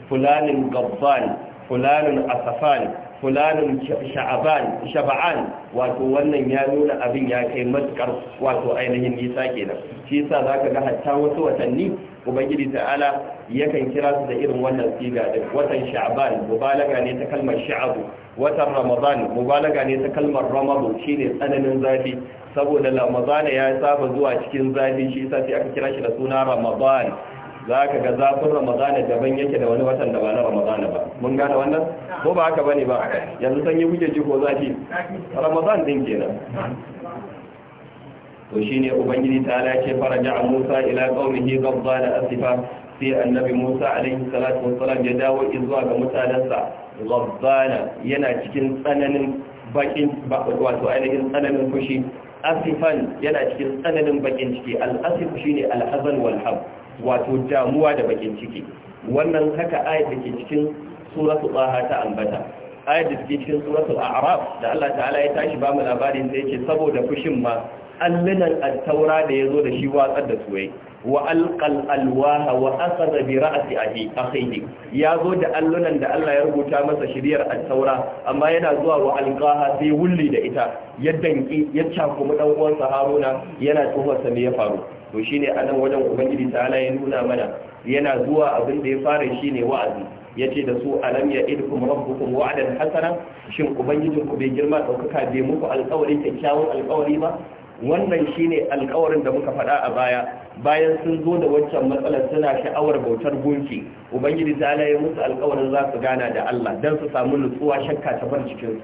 Speaker 1: fulanun gabban fulanun asafan fulanin sha'aban shaba'an wato wannan ya nuna abin ya kai matukar wato ainihin nisa kenan shi yasa zaka ga hatta wasu watanni ubangiji ta'ala yakan kira su da irin wannan siga din watan sha'ban mubalaga ne ta kalmar sha'abu watan ramadan mubalaga ne ta kalmar ramadu shine tsananin zafi saboda ramadan ya saba zuwa cikin zafi shi yasa sai aka kira shi da suna ramadan zaka ga zafin ramadan daban yake da wani watan da ba na ramadan ba mun gane wannan ko ba haka bane ba yanzu sanyi kuke ji ko zafi ramadan din kenan to shine ubangiji ta ala ce faraja Musa ila qaumihi qabba da asifa sai annabi Musa alaihi salatu wassalam ya dawo izuwa ga mutanansa ghabbana yana cikin tsananin bakin wato ainihin tsananin fushi asifan yana cikin tsananin bakin ciki al-asif shine al-hazan wal hab wato damuwa da bakin ciki wannan haka ayat da ke cikin suratul taha ta ambata ayat da ke cikin suratul a'raf da Allah ta'ala ya tashi ba mu labarin sai ce saboda fushin ma allunan altaura da ya zo da shi watsar da suwai wa alqal alwaha wa akhadha ra'asi ra'si ahi ya zo da allunan da Allah ya rubuta masa shiriyar al amma yana zuwa wa alqaha sai wulli da ita ya danki ya cakumi dan uwansa Haruna yana tuhumar sa ya faru to shine nan wajen ubangiji ta'ala ya nuna mana yana zuwa abin da ya fara ne wa'azi yace da su alam ya idkum rabbukum wa'dan hasana shin ubangijinku bai girma ɗaukaka bai muku alƙawari kyakkyawan alƙawari ba wannan shine alkawarin da muka faɗa a baya bayan sun zo da wancan matsalar suna sha'awar bautar gunki ubangiji ta ya musu alkawarin za su gana da Allah don su samu nutsuwa shakka ta bar jikinsu.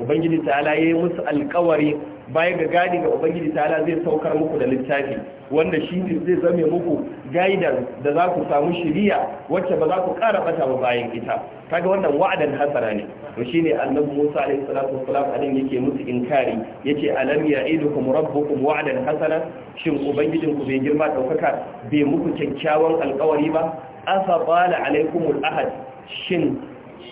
Speaker 1: ubangiji ta'ala ya yi musu alkawari baya ga gadi ga ubangiji ta'ala zai saukar muku da littafi wanda shi ne zai zame muku gaidar da za ku samu shiriya wacce ba za ku ƙara bata ba bayan ita kaga wannan wa'adan hasara ne to shine annabi Musa alaihi salatu wassalam alin yake musu inkari yace alam ya'idukum rabbukum wa'adan hasana shin ubangijinku bai girma daukaka bai muku kyakkyawan alkawari ba asa bala alaikumul ahad shin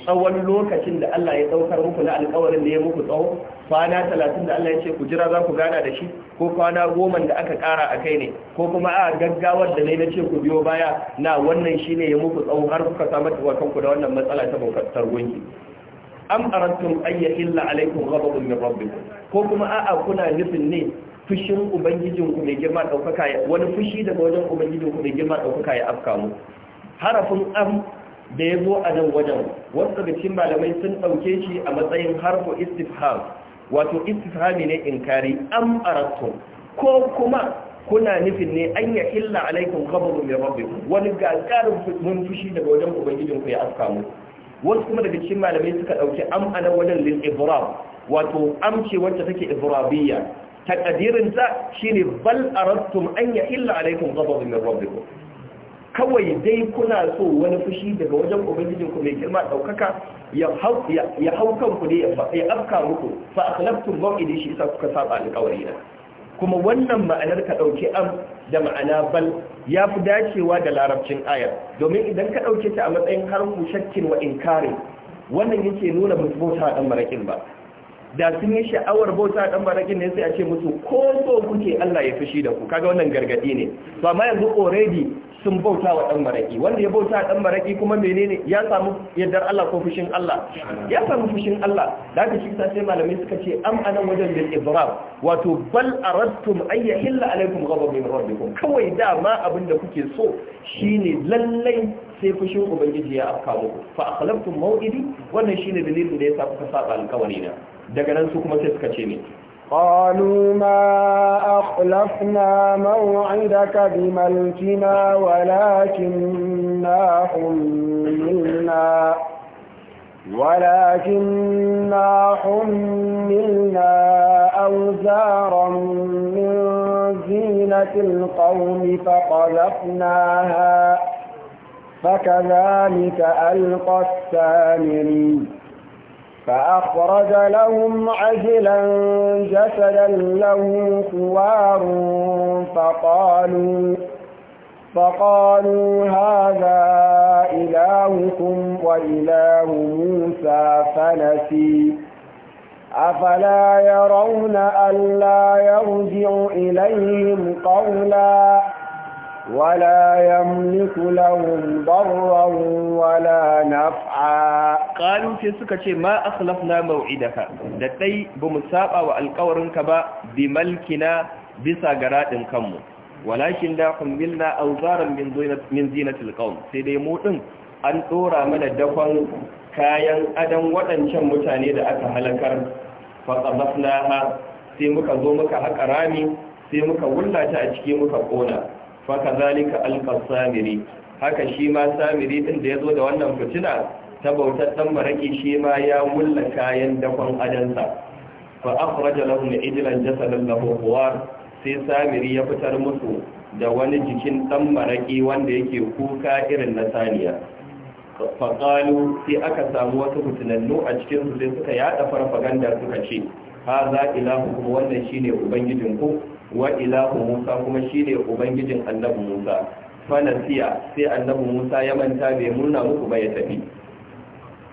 Speaker 1: tsawon lokacin da Allah ya daukar muku na alkawarin da ya muku tsawo kwana talatin da Allah ya ce ku jira za ku gana da shi ko kwana goma da aka kara a kai ne ko kuma a gaggawar da nai na ce ku biyo baya na wannan shi ne ya muku tsawo har kuka samar da kanku da wannan matsala ta bautar gunki am arantum ayya illa alaikum ghadabun min rabbikum ko kuma a'a kuna nufin ne fushin ubangijinku mai girma daukaka wani fushi daga wajen ubangijinku mai girma daukaka ya afka mu harafin am da ya zo a nan wajen wasu daga cikin malamai sun ɗauke shi a matsayin harfo istifham wato istifhami ne inkari am arattum ko kuma kuna nufin ne an ya illa alaikum ghadabu mai rabbi wani gagarin mun fushi daga wajen ubangijin ku ya afka mu wasu kuma daga cikin malamai suka ɗauki am a nan wajen lil ibrab wato am ce wacce take ibrabiyya takadirin ta shine bal arattum an ya illa alaikum ghadabu mai rabbi kawai dai kuna so wani fushi daga wajen ubangijin ku mai girma daukaka ya hau ya kanku ne ya afka muku fa akhlaftum maw'idi shi isa kuka saba alƙawari na kuma wannan ma'anar ka dauke am da ma'ana bal ya fi dacewa da larabcin ayar domin idan ka dauke ta a matsayin harfu shakkin wa inkari wannan yake nuna mutum dan marakin ba da sun yi sha'awar bauta dan barakin ne sai a ce musu ko so kuke Allah ya fushi da ku kaga wannan gargadi ne to amma yanzu already sun bauta wa ɗan maraƙi. wanda ya bauta dan baraki kuma menene ya samu yardar Allah ko fushin Allah ya samu fushin Allah da ka shi sai malamai suka ce am anan wajen bil ibrar wato bal aradtum ay yahilla alaikum ghadab min rabbikum kawai dama da kuke so shine lallai sai fushin ubangiji ya afka muku fa akhlaftum maw'idi wannan shine dalilin da yasa kuka saba alƙawari na daga nan su kuma sai suka ce ne
Speaker 2: قالوا ما أخلفنا موعدك بملكنا ولكننا حملنا ولكننا حملنا أوزارا من زينة القوم فقذفناها فكذلك ألقى السامرين فأخرج لهم عجلا جسدا له خوار فقالوا فقالوا هذا إلهكم وإله موسى فنسي أفلا يرون ألا يرجع إليهم قولا ولا يملك لهم ضرا ولا نفعا
Speaker 1: قالوا شي suka ce ma akhlafna maw'idaka da dai bamu saɓa wa alƙawarinka ba bi malkina bisa raɗin kanmu walakin da hummilna awzaran min zinat min zinatil qaum sai dai mu din an dora mana dafan kayan adon waɗancan mutane da aka halakar fa qadafnaha sai muka zo muka haƙa rami sai muka wulla a ciki muka ƙona. faka zalika alƙar samiri haka shi ma samiri ɗin da ya zo da wannan fitina ta bautar ɗan maraƙi shi ma ya mulla kayan dakon adansa fa akhraja lahum ijlan jasadan lahu huwar sai samiri ya fitar musu da wani jikin ɗan maraƙi wanda yake kuka irin na saniya faƙalu sai aka samu wasu fitinannu a cikin su sai suka yada farfaganda suka ce haza ilahukum wannan shine ubangijin ku wa ilahu Musa kuma shine ubangijin annabi Musa fanasiya sai annabi Musa ya manta bai murna muku ba ya tafi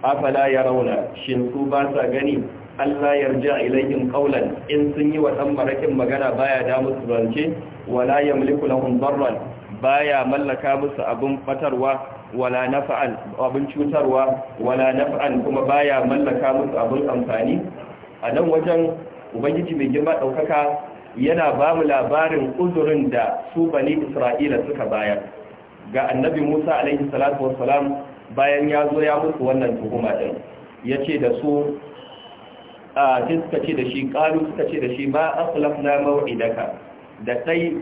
Speaker 1: afala rauna shin su ba sa gani Allah yarja ilayhim qawlan in sun yi wa dan marakin magana baya da musu zance wala yamliku lahum darran baya mallaka musu abun fatarwa wala nafa'an abun cutarwa wala naf'an kuma baya mallaka musu abun amfani a nan wajen ubangiji mai girma ɗaukaka yana ba mu labarin uzurin da su bani isra'ila suka bayar ga annabi musa alaihi salatu salam, bayan ya zo ya musu wannan tuhuma ɗin, ya ce da su a suka ce da shi ƙalu suka ce da shi ma mawa'i daga da sai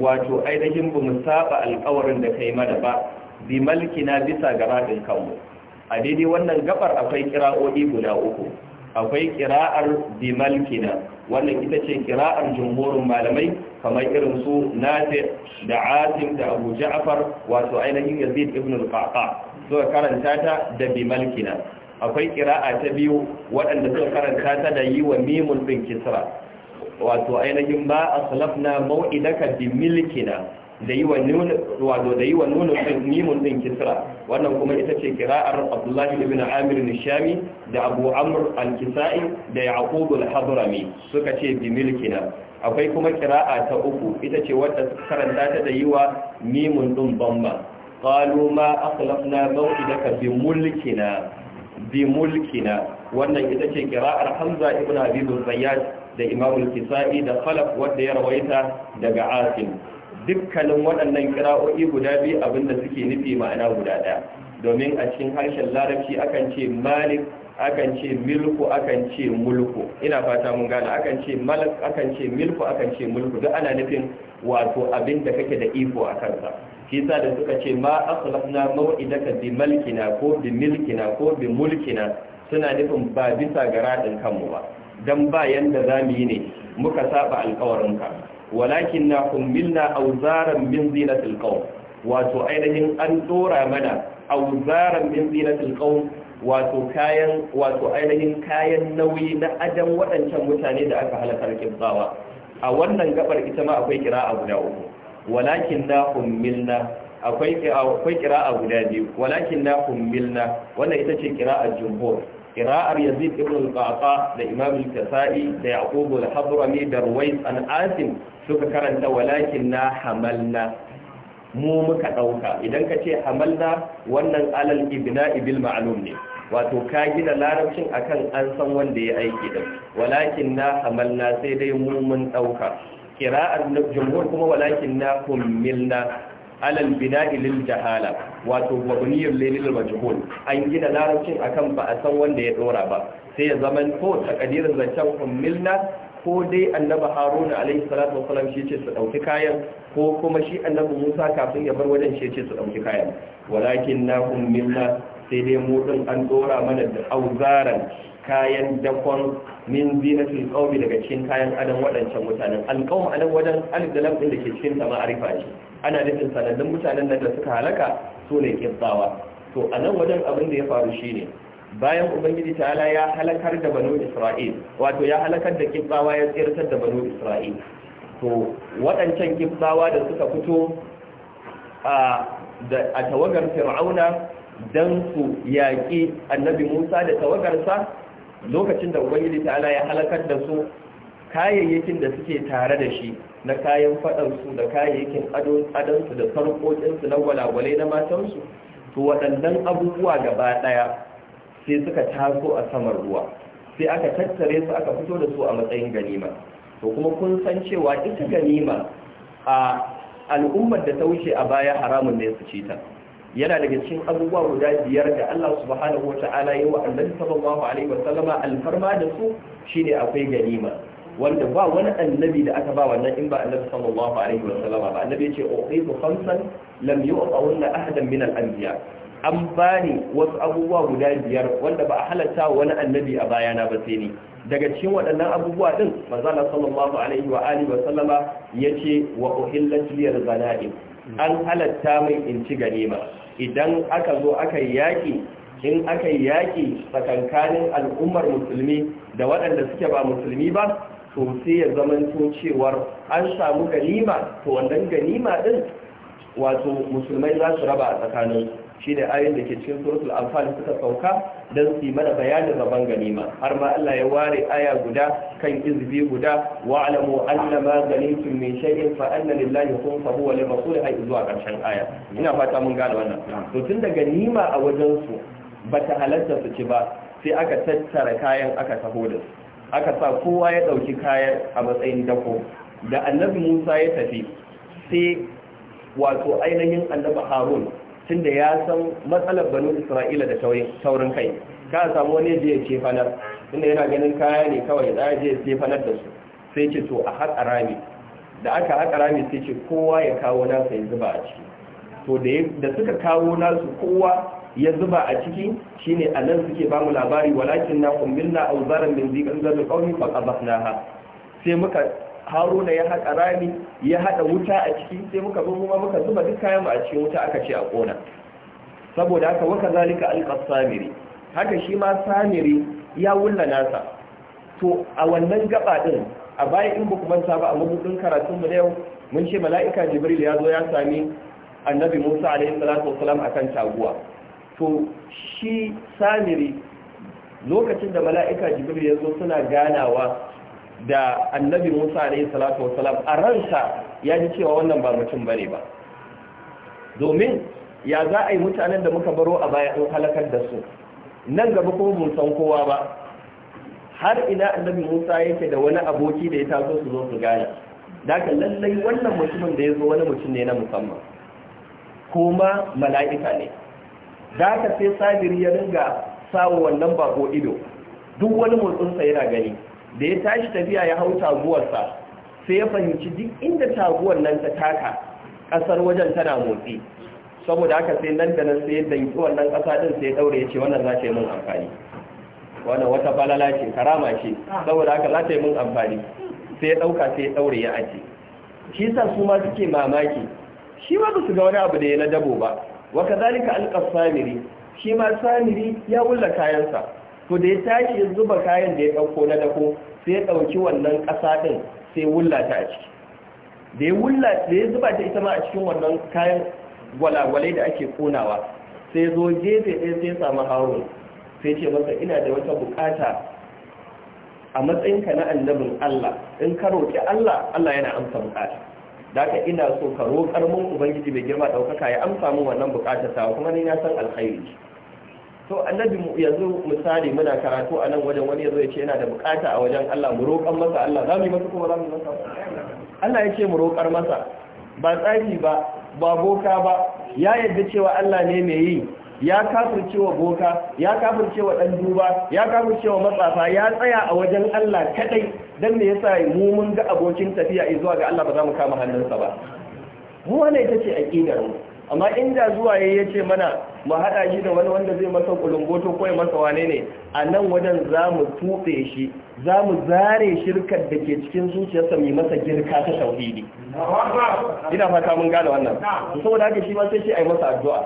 Speaker 1: wato ainihin bu mu alkawarin da yi mana ba bi na bisa ga raɗin kanmu a daidai wannan gabar akwai kira'o'i guda uku akwai kira'ar bimalkina wannan ita ce kira'ar jumhurin malamai kamar irin su nafi da asim da abu ja'far wato ainihin yazid ibn al-qaqa suka karanta ta da bimalkina akwai kira'a ta biyu waɗanda suka karanta ta da yi wa mimul din kisra wato ainihin ba aslafna mau'idaka bimilkina da yi wa nuna wato da yi wa nuna mimun din kisra wannan kuma ita ce kira'ar Abdullahi ibn Amir nishami da Abu Amr al-Kisai da Yaqub al-Hadrami suka ce bi milkina akwai kuma kira'a ta uku ita ce wadda karanta ta da yi wa mimun din bamba qalu ma akhlafna maw'idaka bi mulkina bi mulkina wannan ita ce kira'ar Hamza ibn Abi Zayyad da Imam kisai da Khalaf wanda ya rawaita daga Asim dukkanin waɗannan kira'o'i guda biyu abinda suke nufi ma'ana guda ɗaya domin a cikin harshen larabci akan ce malik akan ce milku akan ce mulku ina fata mun gane akan ce malik akan ce milku akan ce mulku duk ana nufin wato abinda kake da iko a kansa shi yasa da suka ce ma aslahna maw'idaka bi malkina ko bi milkina ko bi mulkina suna nufin ba bisa ga radin kanmu ba dan ba yanda zamu yi ne muka saba ka walakin na kummilna auzaran min zinatil qaum wato ainihin an dora mana auzaran min zinatil qaum wato kayan wato ainihin kayan nauyi na adan waɗancan mutane da aka halakar kibbawa a wannan gabar ita ma akwai a guda uku walakin na kummilna akwai kira a guda biyu walakin na kummilna wannan ita ce kira a jumhur Kiraar Yazid قراءة يزيد ابن القعقاع لإمام الكسائي ليعقوب da درويس أن آسم suka karanta walakin na hamalna mu muka ɗauka idan ka ce hamalna wannan alal ibna ibil ma'alum ne wato ka gina larabcin akan an san wanda ya aiki din walakin na hamalna sai dai mu mun ɗauka kira'ar jumhur kuma walakin na kummilna alal bina'i lil jahala wato mabniyun lil majhul an gina larabcin akan ba a san wanda ya dora ba sai ya zaman ko takadirin zancen ummilna ko dai annabi haruna alaihi salatu wasalam shi ce su dauki kayan ko kuma shi annabi musa kafin ya bar wajen shi ce su dauki kayan walakin na ummilna sai dai mu din an dora mana da auzaran kayan dakon min fil qawmi daga cikin kayan adam waɗancan mutanen alqawm anan wajen alif da lam din da ke cikin da ma'arifa ne. ana nufin sanannun mutanen nan da suka halaka su ne kibbawa to anan wajen abin da ya faru shine bayan ubangiji ta'ala ya halakar da banu isra'il wato ya halakar da kibbawa ya tsirtar da banu isra'il to waɗancan kibbawa da suka fito a tawagar fir'auna Dan su yaƙi annabi musa da tawagarsa lokacin da ubangiji ta'ala ya halakar da su kayayyakin da suke tare da shi na kayan faɗansu da kayayyakin adonsu da sarƙoƙinsu na walawale na matansu to waɗannan abubuwa gaba ɗaya sai suka taso a saman ruwa sai aka tattare su aka fito da su a matsayin ganima to kuma kun san cewa ita ganima a al'ummar da ta wuce a baya haramun ne su ci yana daga cikin abubuwa guda biyar da Allah subhanahu wa ta'ala yi wa annabi sallallahu alaihi wa sallama alfarma da su shine akwai ganima wanda ba wani annabi da aka ba wannan in ba annabi sallallahu alaihi wa sallama ba annabi yace uqitu khamsan lam yu'tawunna ahadan min al-anbiya an bani wasu abubuwa guda biyar wanda ba a halatta wani annabi a bayana ba sai ni daga cikin waɗannan abubuwa din manzo Allah sallallahu alaihi wa alihi wa sallama yace wa uhillat liyal ghanaim an halatta mai in ci ganima idan aka zo aka yi yaƙi in aka yi yaƙi tsakankanin al'ummar musulmi da waɗanda suke ba musulmi ba to sai ya zamanto cewar an samu ganima to wannan ganima ɗin wato musulmai za su raba a tsakaninsu shine ayoyin da ke cikin suratul anfal suka sauka dan su mana bayanin rabon ganima har ma Allah ya ware aya guda kan izbi guda wa alamu anna ma ganimtum min shay'in fa anna lillahi khumsahu wa li ay zuwa karshen aya ina fata mun gane wannan to tun daga ganima a wajen su bata halarta su ci ba sai aka tattara kayan aka taho da su aka sa kowa ya dauki kayan a matsayin dako da annabi Musa ya tafi sai wato ainihin annabi Harun tunda ya san matsalar banu isra'ila da taurin kai ka samu wani je ce fanar tunda yana ganin kaya ne kawai da je ce fanar da su sai ce to a haƙa rami da aka haƙa rami sai ce kowa ya kawo nasa ya zuba a ciki to da suka kawo nasu kowa ya zuba a ciki shine a nan suke bamu labari walakin na na auzaran min zikin zabi kauni fa qadhnaha sai muka haruna ya haƙa rami ya haɗa wuta a ciki sai muka zo kuma muka zuba duk kayan a cikin wuta aka ce a kona saboda haka waka zalika alƙas samiri haka shi ma samiri ya wulla nasa to a wannan gaba din a baya in ba kuma ba a mabudin karatun mu na yau mun ce mala'ika jibril ya zo ya sami annabi musa alaihi salatu wasalam akan taguwa to shi samiri lokacin da mala'ika jibril ya zo suna ganawa da annabi musa alaihi salatu wasalam a ransa ya ji cewa wannan ba mutum bane ba domin ya za a yi mutanen da muka baro a baya in halakar da su nan gaba kuma mun san kowa ba har ina annabi musa yake da wani aboki da ya taso su zo su gane daga lallai wannan mutumin da ya zo wani mutum ne na musamman kuma mala'ika ne daga sai sabiri ya ringa sawo wannan bako ido duk wani motsinsa yana gani da ya tashi tafiya ya hau taguwarsa sai ya fahimci duk inda taguwar nan ta taka ƙasar wajen tana motsi saboda haka sai nan da nan sai ya danki wannan ƙasa ɗin sai ya ɗaure ya ce wannan za ta yi min amfani wannan wata balala ce karama ce saboda haka za ta yi min amfani sai ya ɗauka sai ya ɗaure ya aji shi sa su ma suke mamaki shi ma su ga wani abu da ya na dabo ba wa kazalika alƙas samiri shi ma samiri ya wulla kayansa to da ya tashi zuba kayan da ya ɗauko na dako sai ya ɗauki wannan ƙasa ɗin sai ta a ciki da ya wulla da ya zuba ta ita ma a cikin wannan kayan gwalagwale da ake ƙonawa. sai zo gefe ɗaya sai ya samu harun sai ce masa ina da wata buƙata a matsayinka na annabin Allah in ka roƙi Allah Allah yana amsa buƙata. da ka ina so ka roƙar mun ubangiji bai girma ɗaukaka ya amsa min wannan buƙatar ta kuma ni na san alkhairi to annabi mu yanzu misali muna karatu a nan wajen wani yazo ya ce yana da bukata a wajen Allah mu roƙan masa Allah za mu yi masa kuma za mu yi masa Allah ya mu roƙar masa ba tsari ba ba boka ba ya yadda cewa Allah ne mai yi ya kafircewa boka ya kafircewa dan duba ya kafircewa matsafa ya tsaya a wajen Allah kadai dan me yasa mu mun ga abokin tafiya zuwa ga Allah ba za mu kama hannunsa ba mu wane ita ce aqidar mu amma inda zuwa yayi yace mana mu haɗa shi da wani wanda zai masa kulumboto ko ya masa wane ne a nan wajen za mu shi za mu zare shirkar da ke cikin zuciyarsa mai masa girka ta tauhidi ina fata mun gane wannan saboda haka shi ma sai shi ai masa addu'a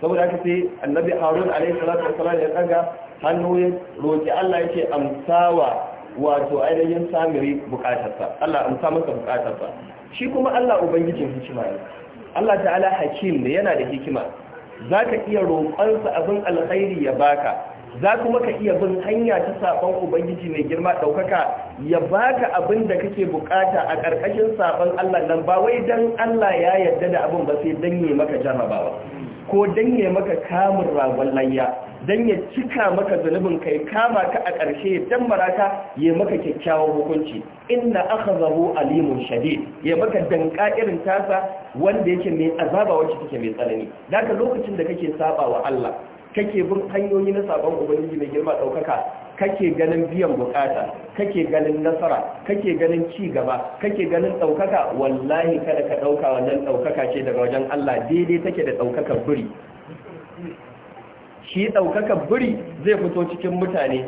Speaker 1: saboda haka sai annabi harun alaihi salatu wassalam ya daga hannu ya roki Allah yace amsawa wato ainihin samiri bukatarsa Allah amsa masa bukatarsa shi kuma Allah ubangijin hikima ne Allah ta'ala hakim ne yana da hikima za ka iya roƙonsa abin alkhairi ya baka za kuma ka iya bin hanya ta saɓon ubangiji mai girma ɗaukaka ya baka abin da kake buƙata a ƙarƙashin saɓon Allah nan ba wai don Allah ya yarda da abin ba sai don yi maka jarrabawa ko dan ya maka kamun ragon layya dan ya cika maka zunubin kai kama ka a ƙarshe dan maraka ya maka kyakkyawan hukunci inna zaho alimun shade ya maka danka irin tasa wanda yake mai azaba wacce take mai tsanani daga lokacin da kake saba wa Allah kake bin hanyoyi na sabon ubangiji mai girma ɗaukaka? kake ganin biyan bukata kake ganin nasara kake ganin ci gaba kake ganin ɗaukaka wallahi kada ka ɗauka wannan ɗaukaka ce daga wajen Allah daidai take da ɗaukaka buri shi ɗaukaka buri zai fito cikin mutane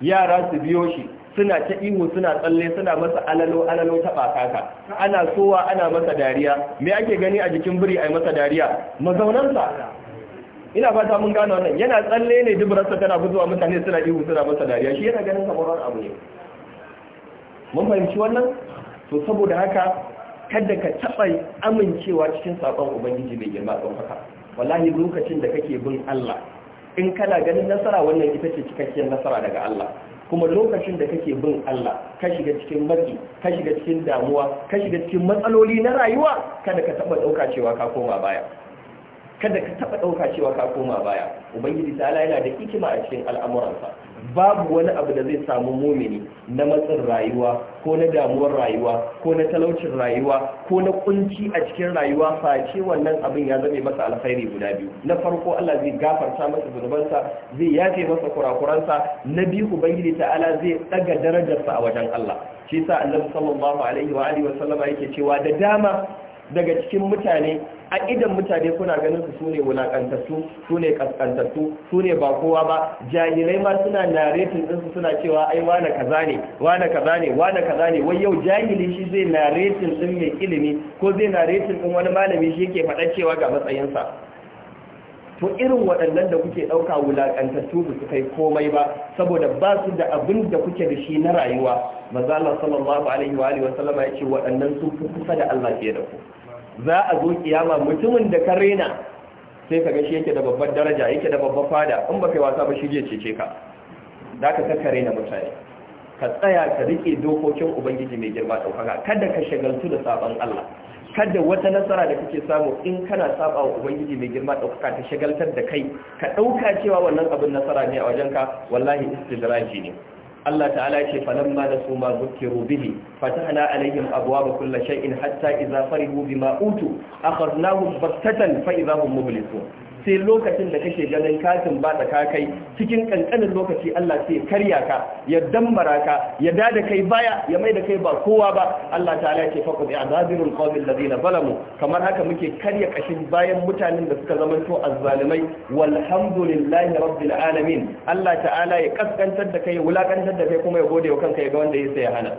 Speaker 1: yara su biyo shi suna ta ihu suna tsalle suna masa alalo alalo ta bakaka ana sowa ana masa dariya me ake gani a jikin buri ai masa dariya mazaunansa ina fata mun gano wannan yana tsalle ne dubrarsa tana guzuwa mutane suna ihu suna masa dariya shi yana ganin kamar abu ne mun fahimci wannan to saboda haka kada ka taɓa amincewa cikin saƙon ubangiji bai girma ɗaukaka wallahi lokacin da kake bin Allah in kana ganin nasara wannan ita ce cikakkiyar nasara daga Allah kuma lokacin da kake bin Allah ka shiga cikin matsi ka shiga cikin damuwa ka shiga cikin matsaloli na rayuwa kada ka taɓa ɗauka cewa ka koma baya kada ka taba dauka cewa ka koma baya ubangiji ta'ala yana da hikima a cikin al'amuransa babu wani abu da zai samu mumini na matsin rayuwa ko na damuwar rayuwa ko na talaucin rayuwa ko na kunci a cikin rayuwa face wannan abin ya zame masa alkhairi guda biyu na farko Allah zai gafarta masa zunubansa zai yafe masa kurakuransa na biyu ubangiji ta'ala zai daga darajarsa a wajen Allah shi yasa annabi sallallahu alaihi wa alihi wa sallama yake cewa da dama daga cikin mutane a idan mutane kuna ganin su sune wulakantattu sune kaskantattu sune ba kowa ba jahilai ma suna narratin din suna cewa ai wane kaza ne wane kaza ne wane kaza ne wai yau jahili shi zai narratin din mai ilimi ko zai narratin din wani malami shi yake faɗa cewa ga matsayinsa to irin waɗannan da kuke ɗauka wulaƙantattu ba su kai komai ba saboda ba su da abin da kuke da shi na rayuwa maza Allah sallallahu alaihi wa alihi wa sallama yace waɗannan sun fi kusa da Allah fiye da ku za a zo kiyama mutumin da ka rena sai ka gashi yake da babbar daraja yake da babbar fada in ba kai wasa ba shi je cece ka za ka ka rena mutane ka tsaya ka rike dokokin ubangiji mai girma ɗaukaka kada ka shagaltu da sabon Allah kada wata nasara da kake samu in kana saba wa ubangiji mai girma ɗaukaka ta shagaltar da kai ka ɗauka cewa wannan abin nasara ne a wajenka wallahi istidraji ne Allah ta'ala ce falamma da su ma zukiru bihi fatahna alaihim abwaaba kulli shay'in hatta idza farihu bima utu akhadnahum baghtatan fa idza hum mublisun sai lokacin da kake ganin katin ba da kai cikin kankanin lokaci Allah sai karya ka ya dambara ka ya dada kai baya ya mai da kai ba kowa ba Allah ta'ala ce faqad i'dadul qawmil ladina zalamu kamar haka muke karya kashin bayan mutanen da suka zamanto azzalimai walhamdulillahi rabbil alamin Allah ta'ala ya kaskantar da kai wulakantar da kai kuma ya gode wa kanka ya ga wanda ya sai hana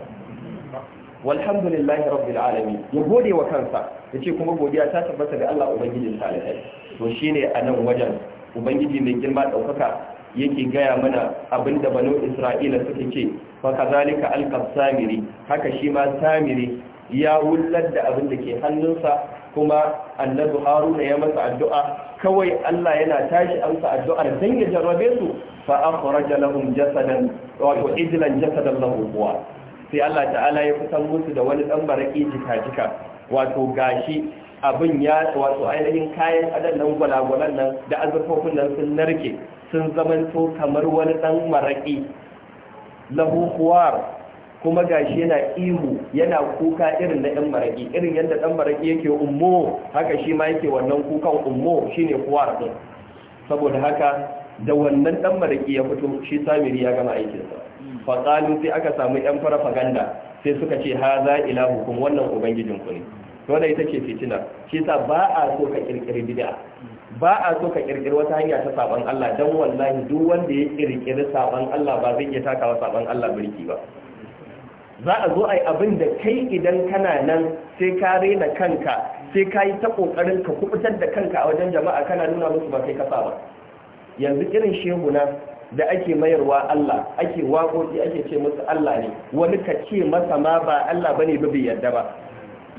Speaker 1: walhamdulillahi rabbil alamin ya gode wa kansa yace kuma godiya ta tabbata ga Allah ubangijin ta'ala to shine a nan wajen ubangiji mai girma ɗaukaka yake gaya mana abin da banu isra'ila suka ce fa kazalika alqab samiri haka shi ma samiri ya wullar da abin da ke hannunsa kuma annabi haruna ya masa addu'a kawai Allah yana tashi amsa addu'ar dan ya jarrabe su fa akhraja lahum jasadan wa idlan jasadan lahu sai Allah ta'ala ya fitar musu da wani dan baraki jika jika wato gashi abin ya wato ainihin kayan adan nan gwalagwalan nan da azurfofin nan sun narke sun zamanto kamar wani dan maraki lahu kuwar kuma gashi yana ihu yana kuka irin na ɗan maraƙi irin yadda ɗan maraƙi yake ummo haka shi ma yake wannan kukan ummo shine kuwar din saboda haka da wannan ɗan maraƙi ya fito shi samiri ya gama aikinsa faƙalu sai aka samu yan farfaganda sai suka ce haza za ilahu kuma wannan ubangijinku ne wannan ita ce fitina shi sa ba a so ka kirkiri bid'a ba a so ka kirkiri wata hanya ta saban Allah dan wallahi duk wanda ya kirkiri saban Allah ba zai iya takawa saban Allah birki ba za a zo ai abin da kai idan kana nan sai ka rena kanka sai ka yi ta kokarin ka kubutar da kanka a wajen jama'a kana nuna musu ba kai kasa ba yanzu irin shehu na da ake mayarwa Allah ake waƙoƙi ake ce musu Allah ne wani ka ce masa ma ba Allah bane ba bai yarda ba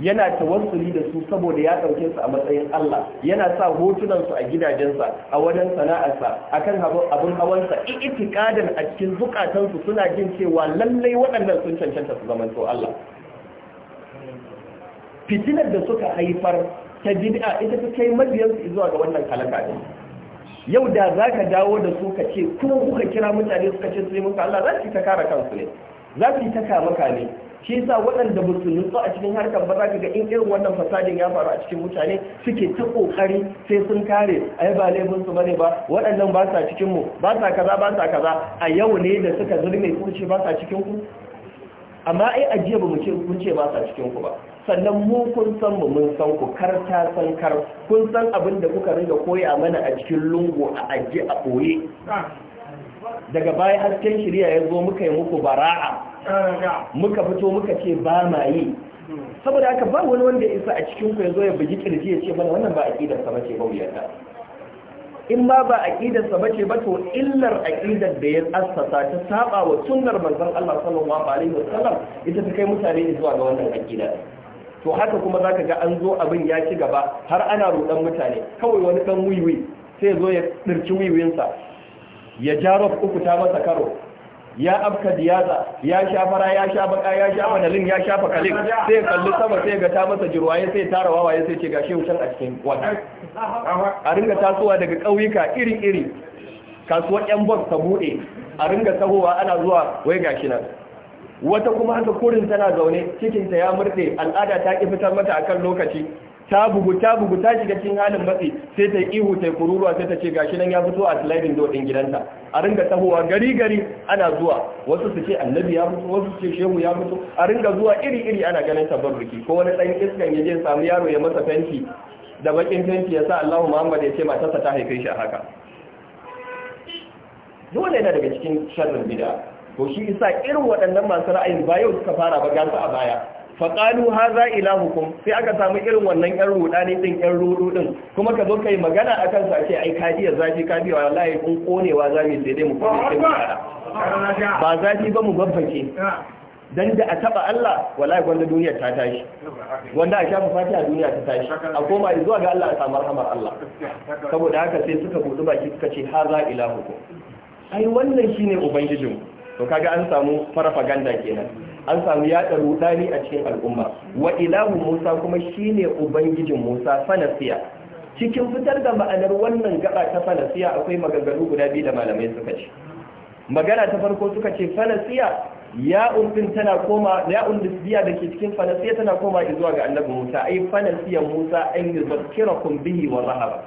Speaker 1: yana tawassuli da su saboda ya ɗauke su a matsayin Allah yana sa hotunansu a gidajensa a wajen sana'arsa akan abin hawansa itikadan a cikin zukatansu suna jin cewa lallai waɗannan sun cancanta su zaman Allah fitinar da suka haifar ta bid'a ita ta kai mabiyansu zuwa ga wannan kalaka din yau da zaka dawo da su ka ce kuma kuka kira mutane suka ce su yi Allah za su ta kare kansu ne za su ta kama ka ne shi yasa waɗanda ba su nutsu a cikin harkar ba za ka ga in irin wannan fasadin ya faru a cikin mutane suke ta kokari sai sun kare ai ba laifin su bane ba waɗannan ba sa cikin mu ba sa kaza ba sa kaza a yau ne da suka zurme ku ce ba sa cikin ku amma ai a jiya ba mu ce kun ce ba sa cikin ku ba sannan mu kun san mu mun san ku kar ta san kar kun san abin da kuka ringa koya mana a cikin lungu a ajiye a boye daga baya hasken shirya ya zo muka yi muku bara'a muka fito muka ce ba ma yi saboda haka ba wani wanda isa a cikin ku ya zo ya bugi kirji ya ce bana wannan ba aqidar sa bace ba wuyata in ma ba aqidar sa bace ba to illar aqidar da ya assasa ta saba wa sunnar manzon Allah sallallahu alaihi wasallam ita ta kai mutane zuwa ga wannan aqida to haka kuma zaka ga an zo abin ya ci gaba har ana rudan mutane kawai wani dan wiwi sai zo ya dirci wiwinsa ya ja uku ta masa karo ya afka diyaza ya sha fara ya sha baka ya sha manalin ya sha fakalin sai kalli sama sai ga ta masa jirwaye sai tara wawaye sai ce gashi wucin a cikin wata a ringa tasowa daga ƙauyuka iri-iri kasuwar yan bok ta buɗe a ringa tahowa ana zuwa wai gashi nan wata kuma haka kurin tana zaune cikinta ya murɗe al'ada ta ƙi fitar mata akan lokaci ta bugu ta bugu ta shiga cikin halin matsi sai ta ihu ta kururuwa sai ta ce gashi nan ya fito a sliding dodin gidanta a ringa tahowa gari gari ana zuwa wasu su ce annabi ya fito wasu su ce shehu ya fito a ringa zuwa iri iri ana ganin tabarruki ko wani dan iskan ya je samu yaro ya masa fenti da bakin fenti ya sa Allahu Muhammad ya ce matarsa ta haife shi a haka dole yana daga cikin sharrin bid'a to shi isa irin waɗannan masu ra'ayin ba yau suka fara ba su a baya faƙalu ha za hukum sai aka samu irin wannan ƴan rudani ɗin ƴan rudu ɗin kuma ka zo kai magana a kansu a ce ai ka zafi ka biya wallahi kun konewa za mu sai dai mu kuma sai ba zafi ba mu babbake dan da a taba Allah wallahi gwanda duniya ta tashi wanda a shafa fatiha duniya ta tashi a koma zuwa ga Allah a samu rahmar Allah saboda haka sai suka buɗu baki suka ce ha za hukum. ai wannan shine ubangijin to kaga an samu farfaganda kenan an samu yaɗa rudani a cikin al'umma wa ilahu musa kuma shine ubangijin musa fanasiya cikin fitar da ma'anar wannan gaba ta fanasiya akwai maganganu guda biyu da malamai suka ce magana ta farko suka ce fanasiya ya'un din tana koma ya da ke cikin fanasiya tana koma zuwa ga annabi musa ai fanasiya musa an kun bihi wa rahaba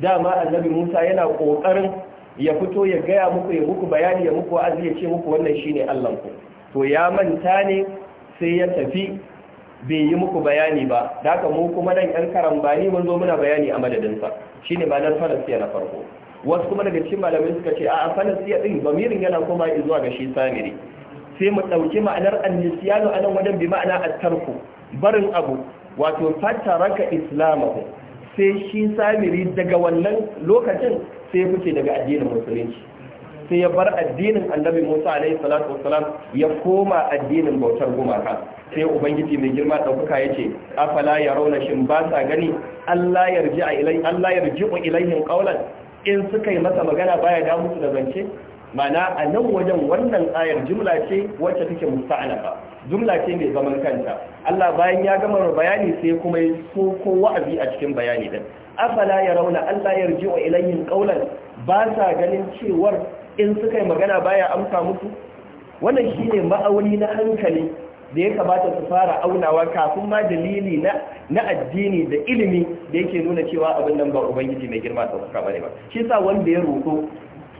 Speaker 1: dama annabi musa yana kokarin ya fito ya gaya muku ya muku bayani ya muku wa'azi ya ce muku wannan shine Allah ku to ya manta ne sai ya tafi bai yi muku bayani ba da aka mu kuma nan yan karambani mun zo muna bayani a madadinsa Shi ne ma'anar falasiya na farko wasu kuma daga cikin malamai suka ce a falasiya din bamirin yana kuma zuwa ga shi samiri sai mu ɗauki ma'anar annisiyanu a nan wajen bi ma'ana a tarku, barin abu wato fata fataraka islamahu sai shi samiri daga wannan lokacin sai fice daga addinin musulunci sai ya bar addinin annabi Musa alaihi salatu wassalam ya koma addinin bautar gumaka sai ubangiji mai girma daukaka yace afala yarawna shin ba sa gani Allah a ilai Allah yarji'u ilaihin qaulan in suka yi masa magana baya da musu da zance mana a nan wajen wannan ayar jumla ce wacce take musta'anafa jumla ce mai zaman kanta Allah bayan ya gama bayani sai kuma ya ko wa'azi a cikin bayani din afala yarawna Allah yarji'u ilayhim qaulan ba sa ganin cewar in suka yi magana baya amsa musu wannan shine ma'auni na hankali da ya kamata su fara aunawa kafin ma dalili na addini da ilimi da yake nuna cewa abin nan ba ubangiji mai girma da suka bane ba shi yasa wanda ya roƙo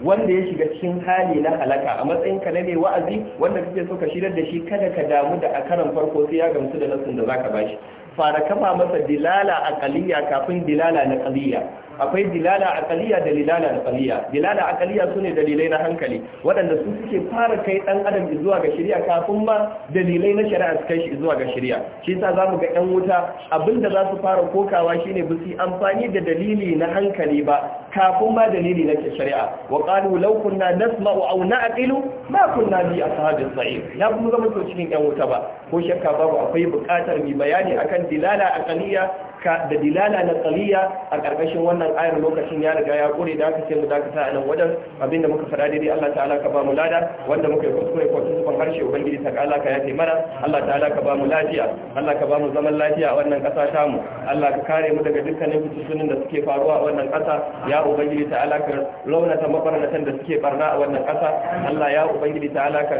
Speaker 1: wanda ya shiga cikin hali na halaka a matsayin ka ne mai wa'azi wanda kake so ka shirar da shi kada ka damu da a karan farko sai ya gamsu da nasin da zaka bashi fara kama masa dilala akaliya kafin dilala na kaliya. akwai dilala akaliya da dilala na kaliya. dilala su ne dalilai na hankali waɗanda su suke fara kai ɗan adam zuwa ga shirya kafin ma dalilai na shari'a su kai shi zuwa ga shirya shi za mu ga ƴan wuta abinda za su fara kokawa shine ba su amfani da dalili na hankali ba kafin ma dalili na shari'a wa qalu law kunna nasma'u aw na'qilu ma kunna bi ashabis sa'ir ya kuma zama to cikin yan wuta ba ko shakka babu akwai buƙatar mi bayani akan dilala aqliya ka da dilala na tsaliya a ƙarƙashin wannan ayar lokacin ya riga ya ƙure da aka ce mu dakata a nan wajen abinda muka fara daidai Allah ta'ala ka ba mu lada wanda muka yi kuskure ko tuntuban harshe ubangiji ta Allah ka yafe mana Allah ta'ala ka ba mu lafiya Allah ka ba mu zaman lafiya a wannan ƙasa ta mu Allah ka kare mu daga dukkanin fitintunin da suke faruwa a wannan ƙasa ya ubangiji ta'ala ka launata mabarnatan da suke barna a wannan ƙasa Allah ya ubangiji ta'ala ka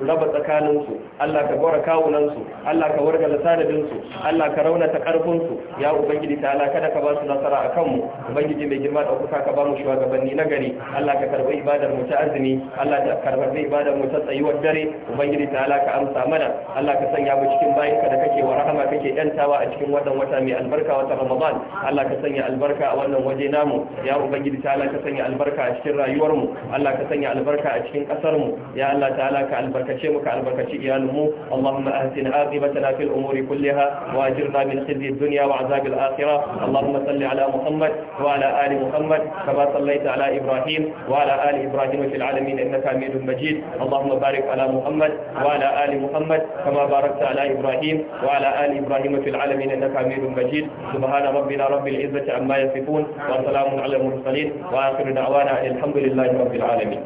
Speaker 1: raba tsakaninsu Allah ka gwara kawunansu Allah ka warga lasanadinsu Allah ka raunata ƙarfinsu ya ubangiji ta ala kada ka ba su nasara a kanmu ubangiji mai girma da kuka ka ba mu shugabanni na gari Allah ka karbi ibadar mu ta azumi Allah ka karbi ibadar mu ta tsayuwar dare ubangiji ta ala ka amsa mana Allah ka sanya mu cikin bayin ka da kake wa rahama kake yantawa a cikin wannan wata mai albarka wata Ramadan Allah ka sanya albarka a wannan waje namu ya ubangiji ta ala ka sanya albarka a cikin rayuwar mu Allah ka sanya albarka a cikin kasar mu ya Allah ta ala ka albarkace mu ka albarkaci iyalin mu Allahumma ahsin aqibatana fil umuri kulliha wa ajirna min khizyi dunya wa عذاب الآخرة اللهم صل على محمد وعلى آل محمد كما صليت على إبراهيم وعلى آل إبراهيم في العالمين إنك حميد مجيد اللهم بارك على محمد وعلى آل محمد كما باركت على إبراهيم وعلى آل إبراهيم في العالمين إنك حميد مجيد سبحان ربنا رب العزة عما يصفون وسلام على المرسلين وآخر دعوانا الحمد لله رب العالمين